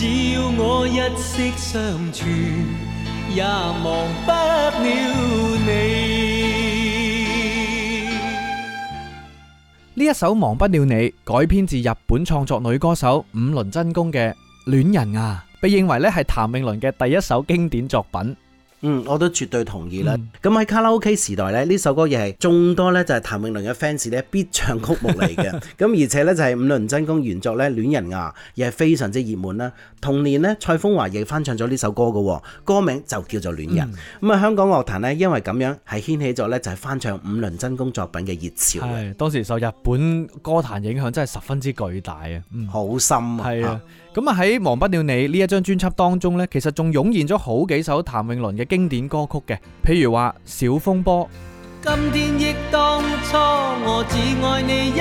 只要我一息相傳也忘不了你。呢一首忘不了你，改編自日本創作女歌手五輪真弓嘅戀人啊，被認為呢係譚詠麟嘅第一首經典作品。嗯，我都絕對同意啦。咁喺、嗯、卡拉 OK 時代咧，呢首歌亦係眾多呢就係譚詠麟嘅 fans 必唱曲目嚟嘅。咁 (laughs) 而且呢，就係五輪真功原作呢《戀人啊》亦係非常之熱門啦。同年呢，蔡楓華亦翻唱咗呢首歌嘅，歌名就叫做《戀人》，嗯。咁啊香港樂壇呢，因為咁樣係掀起咗呢就係翻唱五輪真功作品嘅熱潮。當時受日本歌壇影響真係十分之巨大啊，好、嗯、深啊。咁啊！喺《忘不了你》呢一張專輯當中呢，其實仲湧現咗好幾首譚詠麟嘅經典歌曲嘅，譬如話《小風波》。今天憶當初，我只愛你一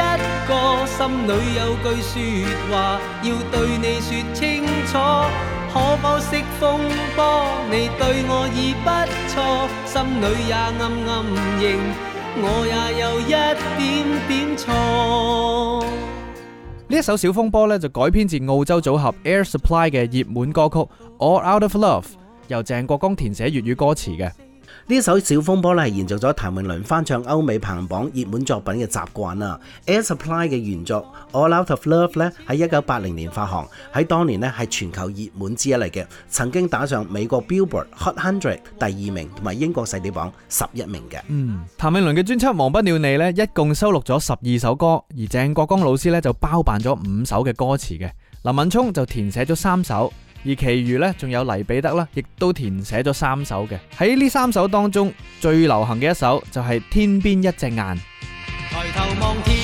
個，心裏有句說話要對你說清楚。可否息風波？你對我已不錯，心裏也暗暗認，我也有一點點錯。呢首《小風波》呢，就改編自澳洲組合 Air Supply 嘅熱門歌曲《All Out Of Love》，由鄭國江填寫粵語歌詞嘅。呢首《小風波》咧，係延續咗譚詠麟翻唱歐美排行榜熱門作品嘅習慣啦。Air Supply 嘅原作《All Out of Love》咧，喺一九八零年發行，喺當年咧係全球熱門之一嚟嘅，曾經打上美國 Billboard Hot Hundred 第二名同埋英國世紀榜十一名嘅。嗯，譚詠麟嘅專輯《忘不了你》一共收錄咗十二首歌，而鄭國江老師就包辦咗五首嘅歌詞嘅，林敏聰就填寫咗三首。而其餘咧，仲有黎彼得啦，亦都填寫咗三首嘅。喺呢三首當中，最流行嘅一首就係、是《天邊一隻雁》。抬頭望天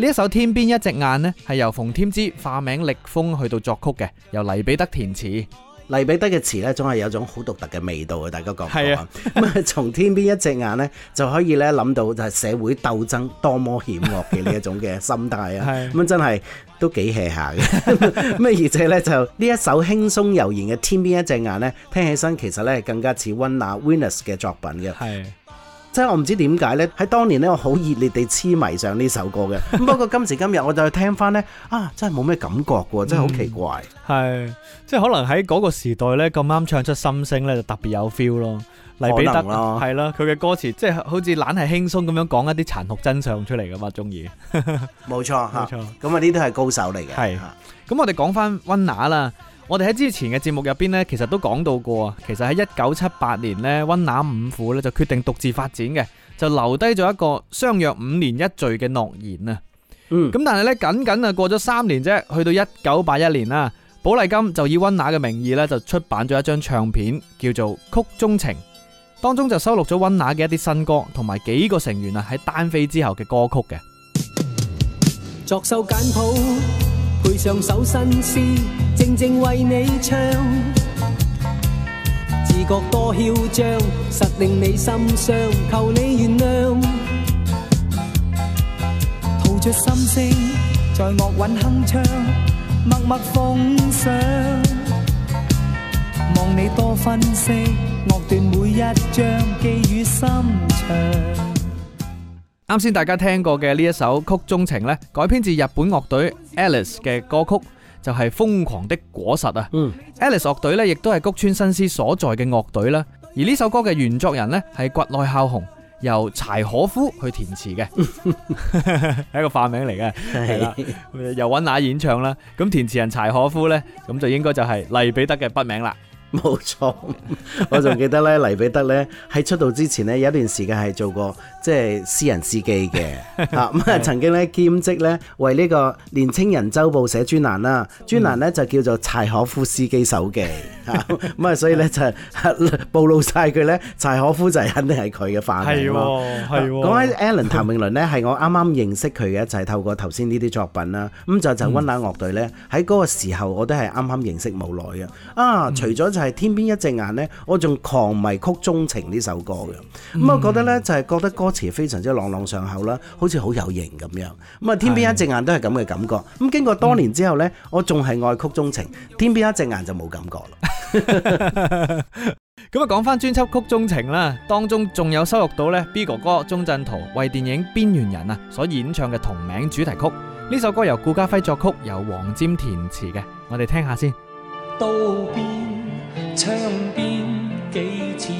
呢一首《天邊一隻雁》呢，係由馮添枝化名力峰去到作曲嘅，由黎彼得填詞。黎彼得嘅詞呢，總係有種好獨特嘅味道嘅，大家覺唔覺啊？咁啊，從《天邊一隻雁》 (laughs) 是的 (laughs) 呢，就可以咧諗到就係社會鬥爭多麼險惡嘅呢一種嘅心態啊！咁真係都幾 hea 下嘅。咁啊，而且咧就呢一首輕鬆悠然嘅《天邊一隻雁》呢，聽起身其實咧更加似温拿 （Wynners） 嘅作品嘅。即係我唔知點解呢，喺當年呢，我好熱烈地痴迷上呢首歌嘅。不過今時今日我就去聽翻呢，啊，真係冇咩感覺嘅，真係好奇怪。係、嗯，即係可能喺嗰個時代呢，咁啱唱出心聲呢，就特別有 feel 咯。黎彼得係咯，佢嘅歌詞即係好似懶係輕鬆咁樣講一啲殘酷真相出嚟㗎嘛，中意。 (laughs) 冇錯嚇，咁啊呢啲都係高手嚟嘅。係，咁我哋講翻温拿啦。我哋喺之前嘅節目入邊呢，其實都講到過啊。其實喺一九七八年呢，温拿五虎呢就決定獨自發展嘅，就留低咗一個相約五年一聚嘅諾言啊。嗯。咁但係咧，僅僅啊過咗三年啫，去到一九八一年啦，寶麗金就以温拿嘅名義咧就出版咗一張唱片，叫做《曲中情》，當中就收錄咗温拿嘅一啲新歌，同埋幾個成員啊喺單飛之後嘅歌曲嘅。作秀簡譜。配上首新詩，靜靜為你唱。自覺多囂張，實令你心傷。求你原諒。吐出心聲，在樂韻哼唱，默默奉上。望你多分析樂段每一章，記於心腸。啱先大家聽過嘅呢一首曲中情咧，改編自日本樂隊 Alice 嘅歌曲，就係《瘋狂的果實》啊。嗯，Alice 樂隊咧亦都係谷川新司所在嘅樂隊啦。而呢首歌嘅原作人咧係堀內孝雄，由柴可夫去填詞嘅，係一個化名嚟嘅。係啦，又揾哪演唱啦？咁填詞人柴可夫咧，咁就應該就係黎彼得嘅筆名啦。冇錯，我仲記得咧，黎彼得咧喺出道之前咧有一段時間係做過。即係私人司機嘅，吓、嗯，咁啊曾經咧兼職咧為呢個年青人周報寫專欄啦，專欄咧就叫做柴可夫司機手記吓，咁、嗯、啊所以咧就係、是、暴露晒佢咧柴可夫就係肯定係佢嘅化名係係。咁啊 Alan 譚詠麟咧係我啱啱認識佢嘅就係、是、透過頭先呢啲作品啦，咁就就溫拿樂隊咧喺嗰個時候我都係啱啱認識冇耐嘅，啊除咗就係、是、天邊一隻雁咧，我仲狂迷曲中情呢首歌嘅，咁我覺得咧就係覺得歌。嗯詞非常之朗朗上口啦，好似好有型咁樣。咁啊，天邊一隻雁都係咁嘅感覺。咁經過多年之後呢，嗯、我仲係愛曲中情 (laughs) 曲中情，天邊一隻雁就冇感覺啦。咁啊，講翻專輯《曲中情》啦，當中仲有收錄到呢 B 哥哥鍾鎮濤為電影《邊緣人》啊所演唱嘅同名主題曲。呢首歌由顧嘉輝作曲，由黃沾填詞嘅，我哋聽下先。道邊唱邊幾次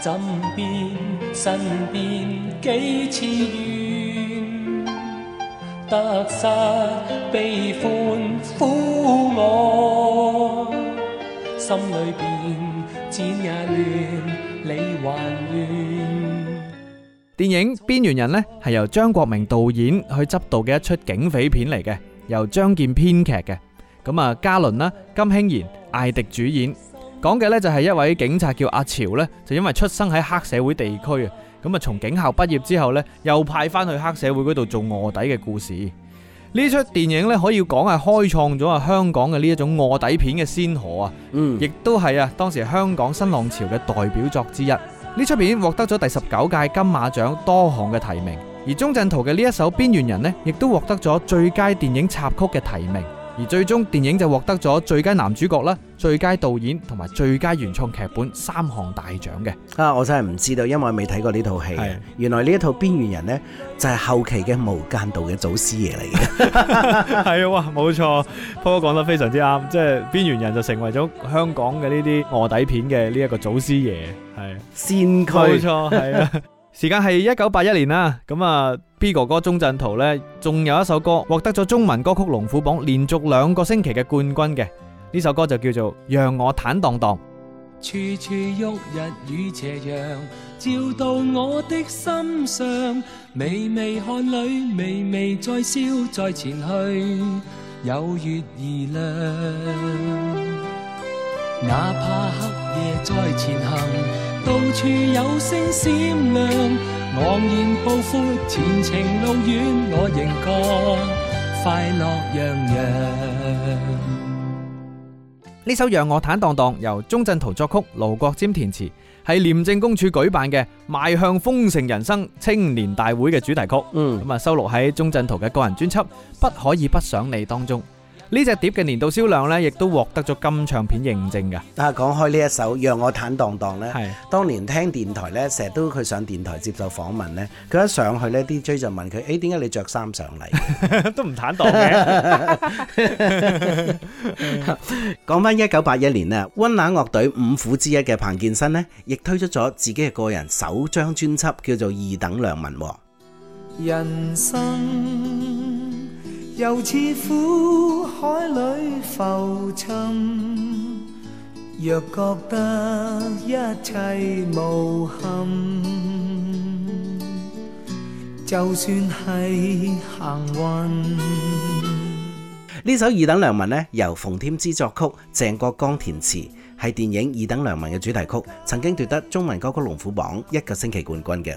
枕邊身邊幾次怨，得失悲歡苦我，心裏邊剪也亂，理還亂。電影《邊緣人》呢，係由張國明導演去執導嘅一出警匪片嚟嘅，由張健編劇嘅，咁啊，嘉倫啦、金興賢、艾迪主演。講嘅呢就係一位警察叫阿潮呢，就因為出生喺黑社會地區啊，咁啊從警校畢業之後呢，又派翻去黑社會嗰度做卧底嘅故事。呢出電影呢，可以講係開創咗啊香港嘅呢一種卧底片嘅先河啊，嗯，亦都係啊當時香港新浪潮嘅代表作之一。呢出片獲得咗第十九屆金馬獎多項嘅提名，而鍾鎮濤嘅呢一首《邊緣人》呢，亦都獲得咗最佳電影插曲嘅提名。而最終電影就獲得咗最佳男主角啦、最佳導演同埋最佳原創劇本三項大獎嘅。啊，我真係唔知道，因為未睇過呢套戲。原來呢一套《邊緣人》呢，就係後期嘅無間道嘅祖師爺嚟嘅。係啊，冇錯，波哥講得非常之啱，即係《邊緣人》就成為咗香港嘅呢啲卧底片嘅呢一個祖師爺，係先驅，冇錯，係啊。時間係一九八一年啦，咁啊，B 哥哥鍾鎮濤呢，仲有一首歌獲得咗中文歌曲龍虎榜連續兩個星期嘅冠軍嘅，呢首歌就叫做《讓我坦蕩蕩》。處處旭日與斜陽，照到我的心上，微微汗淚微微在笑，再前去有月兒亮，哪怕黑夜再前行。到處有星閃亮，昂然步闊，前程路遠，我仍覺快樂洋洋。呢首《讓我坦蕩蕩》由鍾鎮濤作曲，盧國沾填詞，係廉政公署舉辦嘅《邁向豐盛人生》青年大會嘅主題曲。嗯，咁啊收錄喺鍾鎮濤嘅個人專輯《不可以不想你》當中。呢隻碟嘅年度銷量呢，亦都獲得咗金唱片認證㗎。啊，講開呢一首讓我坦蕩蕩咧，的當年聽電台呢，成日都佢上電台接受訪問呢。佢一上去呢 DJ 就問佢，誒，點解你着衫上嚟？都唔坦蕩嘅。講翻一九八一年啊，溫拿樂隊五虎之一嘅彭健新呢，亦推出咗自己嘅個人首張專輯，叫做《二等良民》。人生。《又似苦海裏浮沉》，若覺得一切無憾，就算係幸運。呢首《二等良民》呢，由馮添枝作曲，鄭國江填詞，係電影《二等良民》嘅主題曲，曾經奪得中文歌曲龍虎榜一個星期冠軍嘅。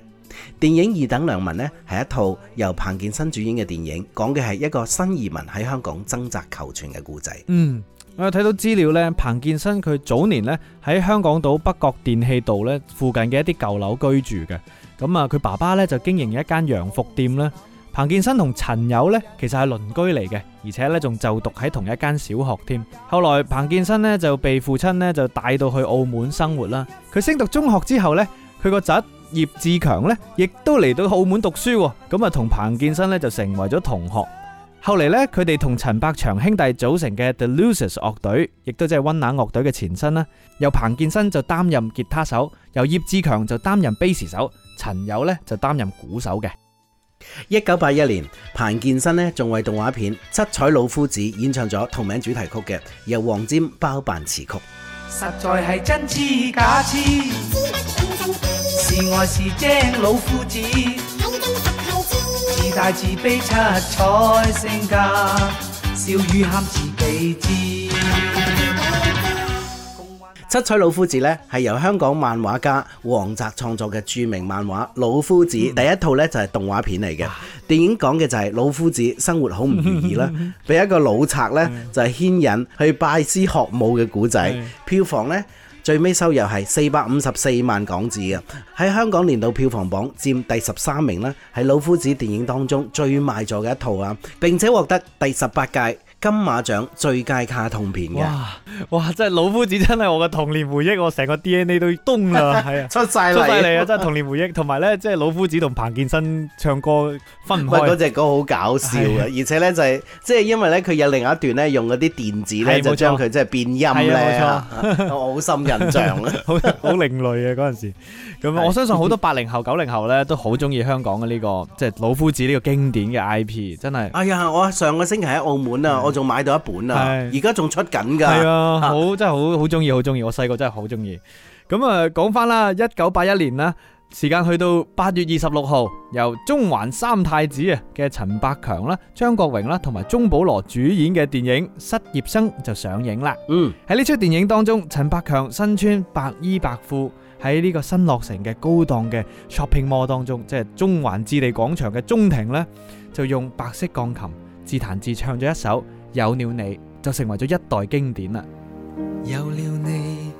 電影二等良民呢係一套由彭健新主演嘅電影，講嘅係一個新移民喺香港掙扎求存嘅故仔。嗯，我睇到資料呢，彭健新佢早年呢喺香港島北角電器道呢附近嘅一啲舊樓居住嘅。咁啊，佢爸爸呢就經營一間洋服店啦。彭健新同陳友呢其實係鄰居嚟嘅，而且呢仲就讀喺同一間小學添。後來彭健新呢就被父親呢就帶到去澳門生活啦。佢升讀中學之後呢，佢個侄。葉志強呢亦都嚟到澳門讀書，咁啊，同彭健新呢就成為咗同學。後嚟呢，佢哋同陳百祥兄弟組成嘅 The Lusus 樂隊，亦都即係溫拿樂隊嘅前身啦。由彭健新就擔任吉他手，由葉志強就擔任貝斯手，陳友呢就擔任鼓手嘅。一九八一年，彭健新呢仲為動畫片《七彩老夫子》演唱咗同名主題曲嘅，由黃霑包辦詞曲。實在係真痴假痴。自愛是精老夫子，自大自卑七彩性格，笑與喊自己知。七彩老夫子呢，係由香港漫畫家王澤創作嘅著名漫畫《老夫子》第一套呢，就係動畫片嚟嘅。電影講嘅就係老夫子生活好唔如意啦，俾一個老賊呢，就係牽引去拜師學武嘅古仔。票房呢。最尾收入係四百五十四萬港紙，喺香港年度票房榜佔第十三名，係老夫子電影當中最賣座嘅一套啊，並且獲得第十八屆金馬獎最佳卡通片嘅，哇，真係老夫子，真係我嘅童年回憶，我成個 DNA 都要凍啦，係啊 (laughs) 了，出晒嚟出晒嚟啊，真係童年回憶，同埋咧即係老夫子同彭健新唱歌分唔開，嗰隻歌好搞笑嘅，是的 而且咧就係即係因為咧佢有另一段咧用嗰啲電子咧就將佢即係變音咧，錯 (laughs) 我好深印象啊，好好另類嘅嗰陣時。咁我相信好多八零後九零後咧都好中意香港嘅呢、這個即係、就是、老夫子呢個經典嘅 IP，真係。哎呀，我上個星期喺澳門啊，嗯、我仲買到一本啊，而家仲出緊㗎。係啊，好真係好好中意，好中意。我細個真係好中意。咁啊，講返啦，一九八一年啦，時間去到八月二十六號，由中環三太子啊嘅陳百強啦、張國榮啦同埋鍾保羅主演嘅電影《失業生》就上映啦。嗯。喺呢出電影當中，陳百強身穿白衣白褲。喺呢個新落成嘅高檔嘅 shopping mall 當中，即係中環置地廣場嘅中庭呢，就用白色鋼琴自彈自唱咗一首《有了你》，就成為咗一代經典啦。有了你，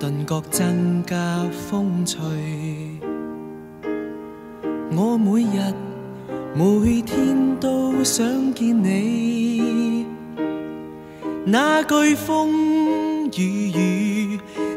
頓覺增加風趣，我每日每天都想見你，那句風雨雨。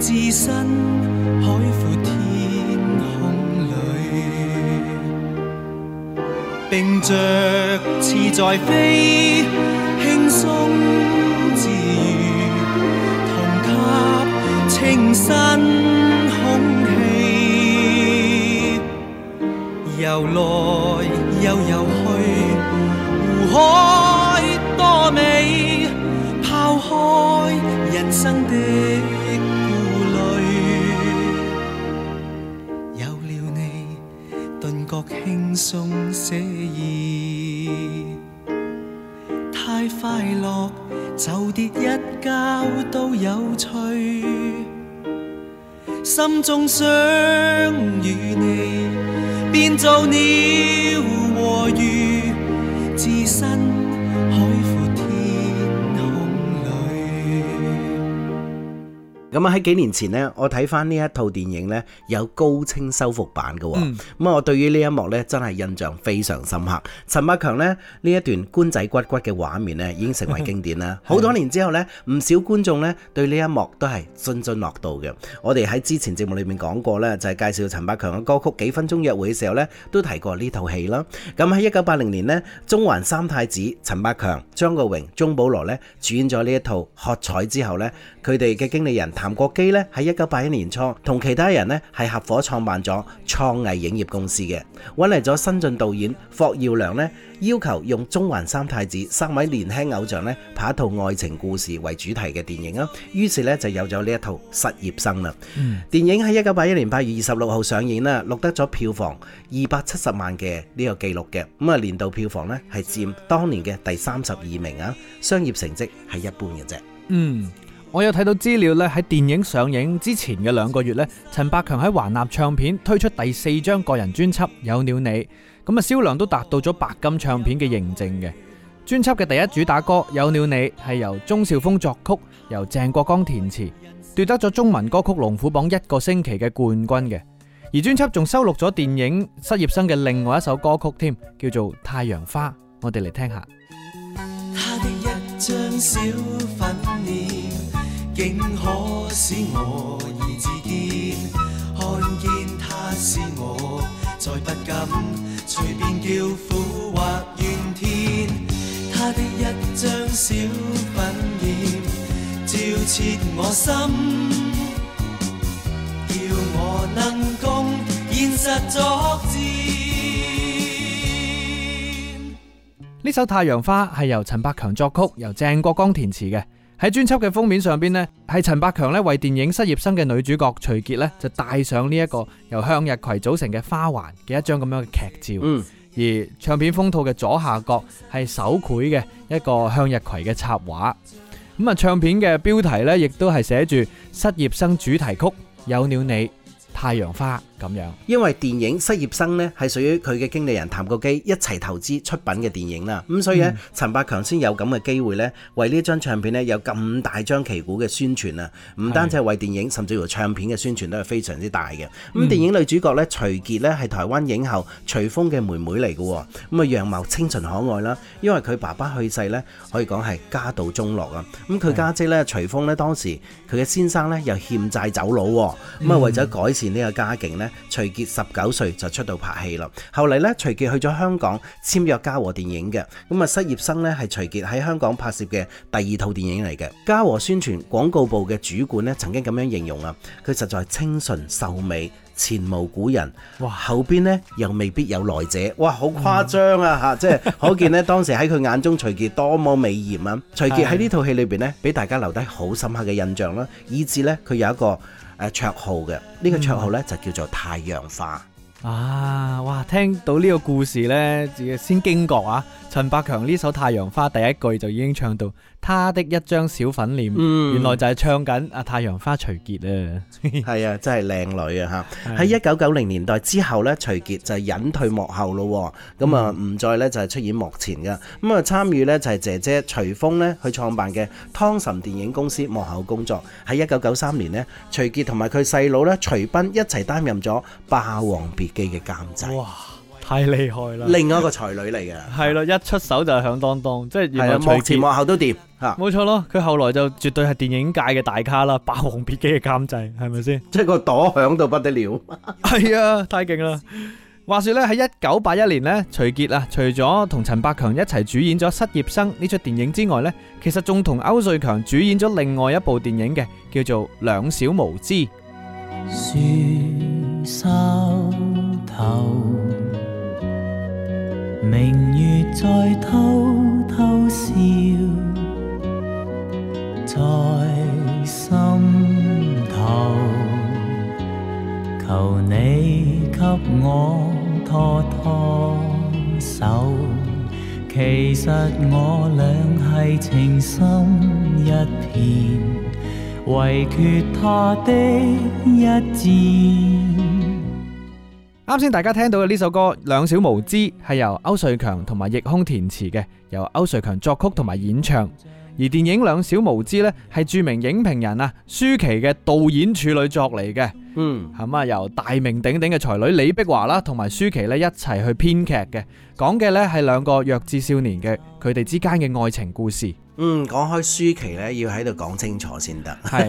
置身海闊天空裏，并着似在飛，輕鬆自如，同吸清新空氣，游來又游去，湖海多美，拋開人生的。送寫意，太快樂就跌一跤都有趣。心中想與你，變做鳥和魚，置身。咁喺幾年前呢，我睇翻呢一套電影呢，有高清修復版嘅。咁我對於呢一幕呢，真係印象非常深刻。陳百強呢，呢一段官仔骨骨嘅畫面呢，已經成為經典啦。好多年之後呢，唔少觀眾呢，對呢一幕都係津津樂道嘅。我哋喺之前節目裏面講過呢，就係介紹陳百強嘅歌曲《幾分鐘約會》嘅時候呢，都提過呢套戲啦。咁喺一九八零年呢，中環三太子陳百強、張國榮、鍾保羅呢，主演咗呢一套《喝彩》之後呢。佢哋嘅經理人譚國基咧，喺一九八一年初同其他人咧係合夥創辦咗創藝影業公司嘅，揾嚟咗新進導演霍耀良咧，要求用中環三太子三位年輕偶像咧拍一套愛情故事為主題嘅電影啊。於是咧就有咗呢一套失業生啦。電影喺一九八一年八月二十六號上映啦，錄得咗票房二百七十萬嘅呢個記錄嘅。咁啊，年度票房咧係佔當年嘅第三十二名啊，商業成績係一般嘅啫。嗯。我有睇到資料咧，喺電影上映之前嘅兩個月咧，陳百強喺華納唱片推出第四張個人專輯《有了你》，咁啊銷量都達到咗白金唱片嘅認證嘅。專輯嘅第一主打歌《有了你》係由鍾肇峰作曲，由鄭國江填詞，奪得咗中文歌曲龍虎榜一個星期嘅冠軍嘅。而專輯仲收錄咗電影《失業生》嘅另外一首歌曲添，叫做《太陽花》，我哋嚟聽下。他的一竟可使我意志堅，看見他使我再不敢隨便叫苦或怨天。他的一張小粉臉，照切我心，叫我能共現實作戰。呢首《太陽花》係由陳百強作曲，由鄭國江填詞嘅。喺專輯嘅封面上邊呢，係陳百強呢，為電影《失業生》嘅女主角徐傑呢就戴上呢一個由向日葵組成嘅花環嘅一張咁樣嘅劇照。嗯，而唱片封套嘅左下角係手繪嘅一個向日葵嘅插畫。咁啊，唱片嘅標題呢，亦都係寫住《失業生》主題曲，有了你，太陽花。咁樣，因為電影《失業生》咧係屬於佢嘅經理人譚國基一齊投資出品嘅電影啦，咁所以咧陳百強先有咁嘅機會咧，為呢張唱片咧有咁大張旗鼓嘅宣傳啊，唔單止係為電影，甚至乎唱片嘅宣傳都係非常之大嘅。咁電影女主角咧徐傑咧係台灣影后徐楓嘅妹妹嚟嘅，咁啊樣貌清純可愛啦。因為佢爸爸去世咧，可以講係家道中落啊。咁佢家姐咧徐楓咧當時佢嘅先生咧又欠債走佬，咁啊為咗改善呢個家境咧。徐傑十九歲就出道拍戲啦，後嚟咧徐傑去咗香港簽約嘉禾電影嘅，咁啊失業生咧係徐傑喺香港拍攝嘅第二套電影嚟嘅。嘉禾宣傳廣告部嘅主管咧曾經咁樣形容啊，佢實在清純秀美，前無古人，哇後邊呢又未必有來者，哇好誇張啊吓，即係 (laughs) 可見呢，當時喺佢眼中徐傑多麼美艷啊。徐傑喺呢套戲裏邊呢，俾大家留低好深刻嘅印象啦，以至呢，佢有一個。誒、啊、綽號嘅呢、嗯、個綽號呢就叫做《太陽花》啊！哇，聽到呢個故事呢，自己先驚覺啊！陳百強呢首《太陽花》第一句就已經唱到。他的一張小粉臉，嗯、原來就係唱緊《阿太陽花》徐杰啊，係 (laughs) 啊，真係靚女啊！哈，喺一九九零年代之後咧，徐杰就係隱退幕後咯，咁啊唔再咧就係出演幕前噶，咁啊參與咧就係姐姐徐峰咧去創辦嘅湯臣電影公司幕後工作。喺一九九三年呢，徐杰同埋佢細佬咧徐斌一齊擔任咗《霸王別姬》嘅監製。哇。太厲害啦，另外一個才女嚟嘅，係啦，一出手就響當當，即係，係啦，幕前幕後都掂吓，冇錯咯，佢後來就絕對係電影界嘅大咖啦，霸王別姬嘅監製係咪先？即係個朵響到不得了，係啊，太勁啦！話說咧，喺一九八一年咧，徐傑啊，除咗同陳百強一齊主演咗《失業生》呢出電影之外咧，其實仲同歐瑞強主演咗另外一部電影嘅，叫做《兩小無知》。明月在偷偷笑，在心頭。求你給我拖拖手，其實我倆係情深一片，唯缺他的一字。啱先大家聽到嘅呢首歌《兩小無知》係由歐瑞強同埋逆空填詞嘅，由歐瑞強作曲同埋演唱。而電影《兩小無知》呢，係著名影評人啊舒琪嘅導演處女作嚟嘅，嗯，咁啊由大名鼎鼎嘅才女李碧華啦同埋舒琪呢一齊去編劇嘅，講嘅呢，係兩個弱智少年嘅佢哋之間嘅愛情故事。嗯，講開舒琪咧，要喺度講清楚先得，係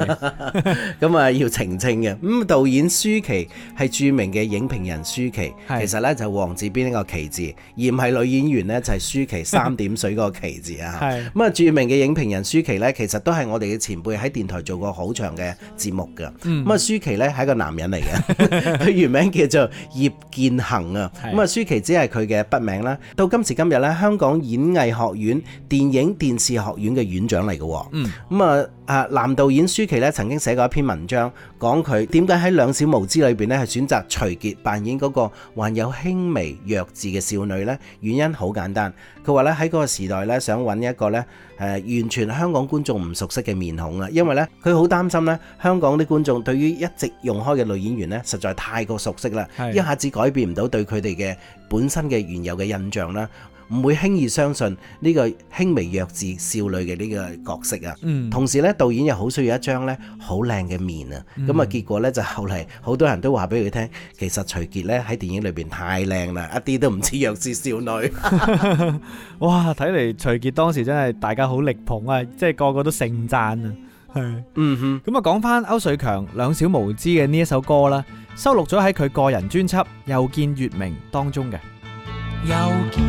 咁啊，要澄清嘅。咁、嗯、導演舒琪係著名嘅影評人舒琪，是 其實咧就王、是、字邊一個琪字，而唔係女演員呢就係、是、舒淇三點水個淇字啊。咁啊，著名嘅影評人舒琪呢，其實都係我哋嘅前輩，喺電台做過好長嘅節目㗎。咁啊、嗯，舒琪咧係個男人嚟嘅，佢 (laughs) 原名叫做葉建行啊。咁啊是、嗯，舒琪只係佢嘅筆名啦。到今時今日呢，香港演藝學院電影電視學院院嘅院長嚟嘅，嗯，咁啊，誒，男導演舒淇咧曾經寫過一篇文章，講佢點解喺《兩小無知》裏邊咧係選擇徐杰扮演嗰個患有輕微弱智嘅少女呢？原因好簡單，佢話咧喺嗰個時代咧想揾一個咧誒完全香港觀眾唔熟悉嘅面孔啦，因為咧佢好擔心咧香港啲觀眾對於一直用開嘅女演員咧實在太過熟悉啦，一下子改變唔到對佢哋嘅本身嘅原有嘅印象啦。唔會輕易相信呢個輕微弱智少女嘅呢個角色啊。嗯。同時咧，導演又好需要一張咧好靚嘅面啊。咁啊，結果咧就後嚟好多人都話俾佢聽，其實徐傑咧喺電影裏邊太靚啦，一啲都唔似弱智少女。哇！睇嚟徐傑當時真係大家好力捧啊，即係個個都盛讚啊。係。嗯哼。咁啊，講翻區瑞強兩小無知嘅呢一首歌啦，收錄咗喺佢個人專輯《又見月明》當中嘅。又見。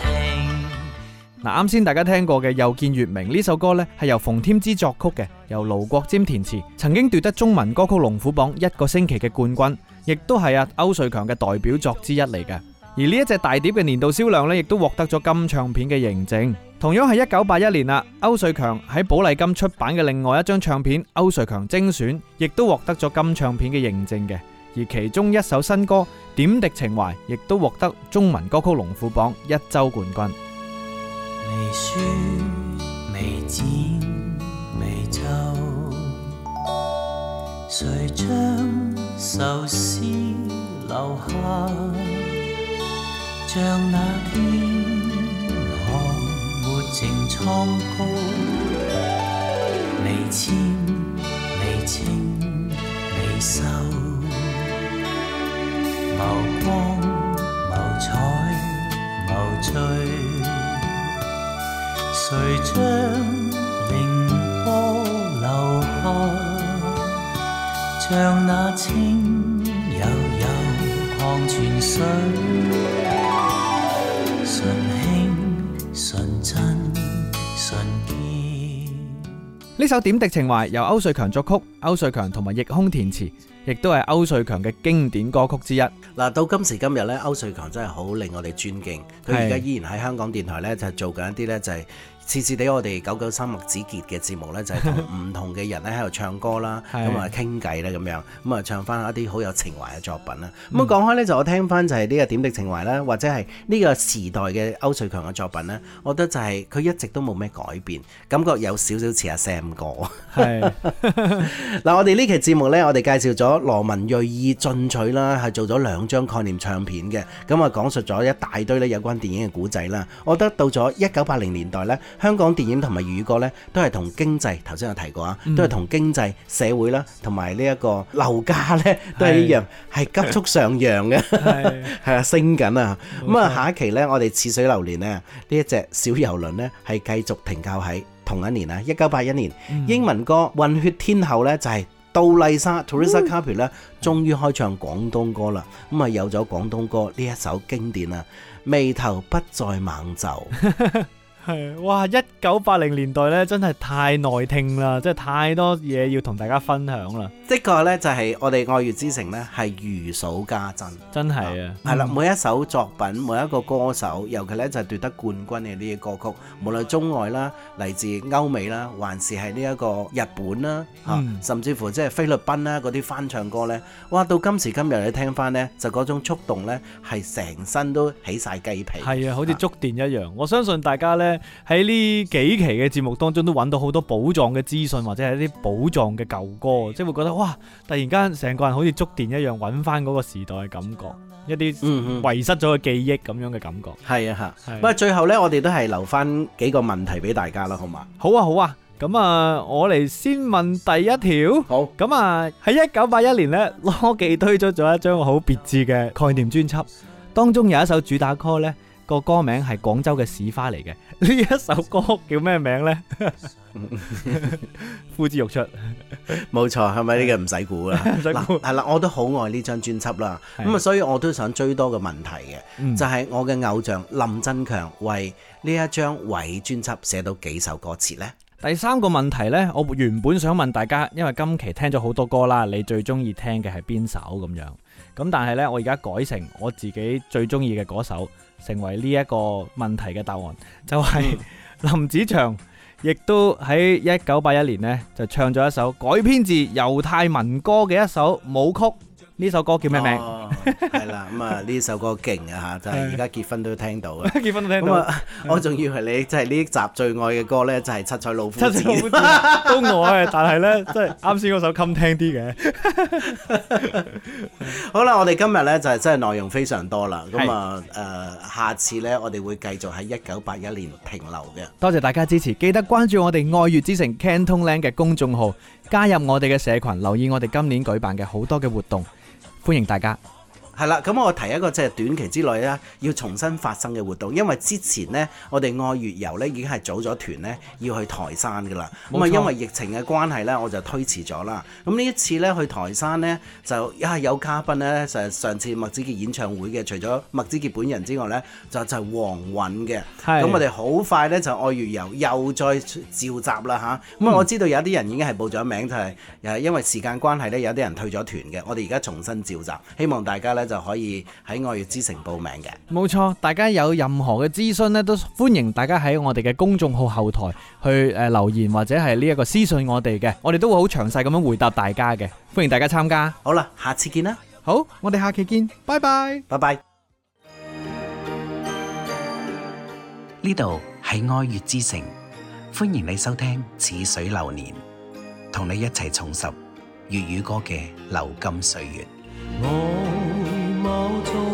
嗱，啱先大家聽過嘅《又見月明》呢首歌呢係由馮添枝作曲嘅，由盧國沾填詞，曾經奪得中文歌曲龍虎榜一個星期嘅冠軍，亦都係啊歐瑞強嘅代表作之一嚟嘅。而呢一隻大碟嘅年度銷量呢亦都獲得咗金唱片嘅認證。同樣係一九八一年啦，歐瑞強喺寶麗金出版嘅另外一張唱片《歐瑞強精選》，亦都獲得咗金唱片嘅認證嘅。而其中一首新歌《點滴情懷》，亦都獲得中文歌曲龍虎榜一周冠軍。眉舒、眉展、眉皺，誰將愁思留下？像那天河抹淨蒼穹，眉清、眉清、眉秀，眸光、眸彩、眸醉。眸醉誰將凌波流下？像那清悠悠礦泉水，純清、純真、純潔。呢首《點滴情懷》由歐瑞強作曲，歐瑞強同埋葉空填詞。亦都係歐瑞強嘅經典歌曲之一。嗱，到今時今日咧，歐瑞強真係好令我哋尊敬。佢而家依然喺香港電台咧，就做緊一啲咧就係。次次地我哋九九三木子傑嘅節目呢，就係同唔同嘅人呢喺度唱歌啦，咁啊傾偈啦，咁樣，咁啊唱翻一啲好有情懷嘅作品啦。咁講開呢，就我聽翻就係呢、呢個點滴情懷啦，或者係呢個時代嘅歐瑞強嘅作品呢，我覺得就係佢一直都冇咩改變，感覺有少少似阿 Sam 哥。係嗱 (laughs) (laughs) (laughs) 我哋呢期節目呢，我哋介紹咗羅文銳意進取啦，係做咗兩張概念唱片嘅，咁啊講述咗一大堆呢有關電影嘅故仔啦。我覺得到咗一九八零年代呢。香港電影同埋粵語歌呢，都係同經濟，頭先有提過啊，都係同經濟社會啦，同埋呢一個樓價呢，都係一樣，係的急速上揚嘅，係啊的， (laughs) 升緊啊。咁啊的，下一期呢，我哋似水流年咧，呢一隻小遊輪呢，係繼續停靠喺同一年啊，一九八一年，是的英文歌《混血天后》呢，就係、是、杜麗莎 (laughs) （Teresa c a r p e o 呢，終於開唱廣東歌啦。咁啊，有咗廣東歌呢一首經典啊，眉頭不再猛就。 (laughs) 係哇！一九八零年代咧，真係太耐聽啦，即係太多嘢要同大家分享啦。呢個呢，就係、是、我哋愛粵之城呢，係如數家珍，真係啊！係啦、嗯，每一首作品，每一個歌手，尤其呢，就係、是、奪得冠軍嘅呢啲歌曲，無論中外啦，嚟自歐美啦，還是係呢一個日本啦，啊嗯、甚至乎即係菲律賓啦嗰啲翻唱歌呢。哇！到今時今日你聽翻呢，就嗰種觸動呢，係成身都起晒雞皮，係啊，好似觸電一樣。啊、我相信大家呢。喺呢幾期嘅節目當中，都揾到好多寶藏嘅資訊，或者係一啲寶藏嘅舊歌，即係會覺得哇！突然間成個人好似觸電一樣，揾翻嗰個時代嘅感覺，一啲遺失咗嘅記憶咁樣嘅感覺。係啊，吓。不過最後呢，我哋都係留翻幾個問題俾大家啦，好嘛？好啊，好啊。咁啊，我嚟先問第一條。好。咁啊，喺一九八一年呢，羅文推出咗一張好別致嘅概念專輯，當中有一首主打歌呢。個歌名係廣州嘅市花嚟嘅，呢一首歌叫咩名呢？ (laughs) 呼之欲出，冇錯係咪呢個唔使估啦？係 (laughs) 啦，我都好愛呢張專輯啦。咁啊的，所以我都想追多個問題嘅，就係、是、我嘅偶像林振強為呢一張卉專輯寫到幾首歌詞呢？第三個問題呢，我原本想問大家，因為今期聽咗好多歌啦，你最中意聽嘅係邊首咁樣咁？但係呢，我而家改成我自己最中意嘅嗰首。成為呢一個問題嘅答案，就係、是、林子祥亦都喺一九八一年呢，就唱咗一首改編自猶太民歌嘅一首舞曲。呢首歌叫咩名？係啦、哦，咁啊，呢首歌勁嘅嚇， (laughs) 就係而家結婚都聽到嘅。 (laughs) 結婚都聽到。咁麼 (laughs) 我仲以為你，即係呢集最愛嘅歌呢，就係、是《七彩老夫子》。七彩老夫子 (laughs) 都愛，但係呢，即係啱先嗰首襟聽啲嘅。 (laughs) (laughs) 好啦，我哋今日呢，就係、是、真係內容非常多啦。咁啊， (laughs) 誒、呃，下次呢，我哋會繼續喺一九八一年停留嘅。是多謝大家支持，記得關注我哋愛粵之城 Canton Land 嘅公眾號，加入我哋嘅社群，留意我哋今年舉辦嘅好多嘅活動。歡迎大家。係啦，咁我提一個即係短期之內咧，要重新發生嘅活動，因為之前呢，我哋愛月遊咧已經係組咗團呢，要去台山嘅啦，咁啊錯因為疫情嘅關係呢，我就推遲咗啦。咁呢一次呢，去台山呢，就一係有嘉賓呢。就係上次麥子傑演唱會嘅，除咗麥子傑本人之外呢，就就是、係黃韻嘅。咁的我哋好快呢，就愛月遊又再召集啦吓，咁啊麼我知道有啲人已經係報咗名，就係、是、因為時間關係呢，有啲人退咗團嘅，我哋而家重新召集，希望大家呢。就可以喺愛粵之城報名嘅。冇錯，大家有任何嘅諮詢呢，都歡迎大家喺我哋嘅公眾號後台去誒留言或者係呢一個私信我哋嘅，我哋都會好詳細咁樣回答大家嘅。歡迎大家參加。好啦，下次見啦。好，我哋下期見。拜拜，拜拜 bye。呢度係愛粵之城，歡迎你收聽《似水流年》，同你一齊重拾粵語歌嘅流金歲月。Oh，好痛。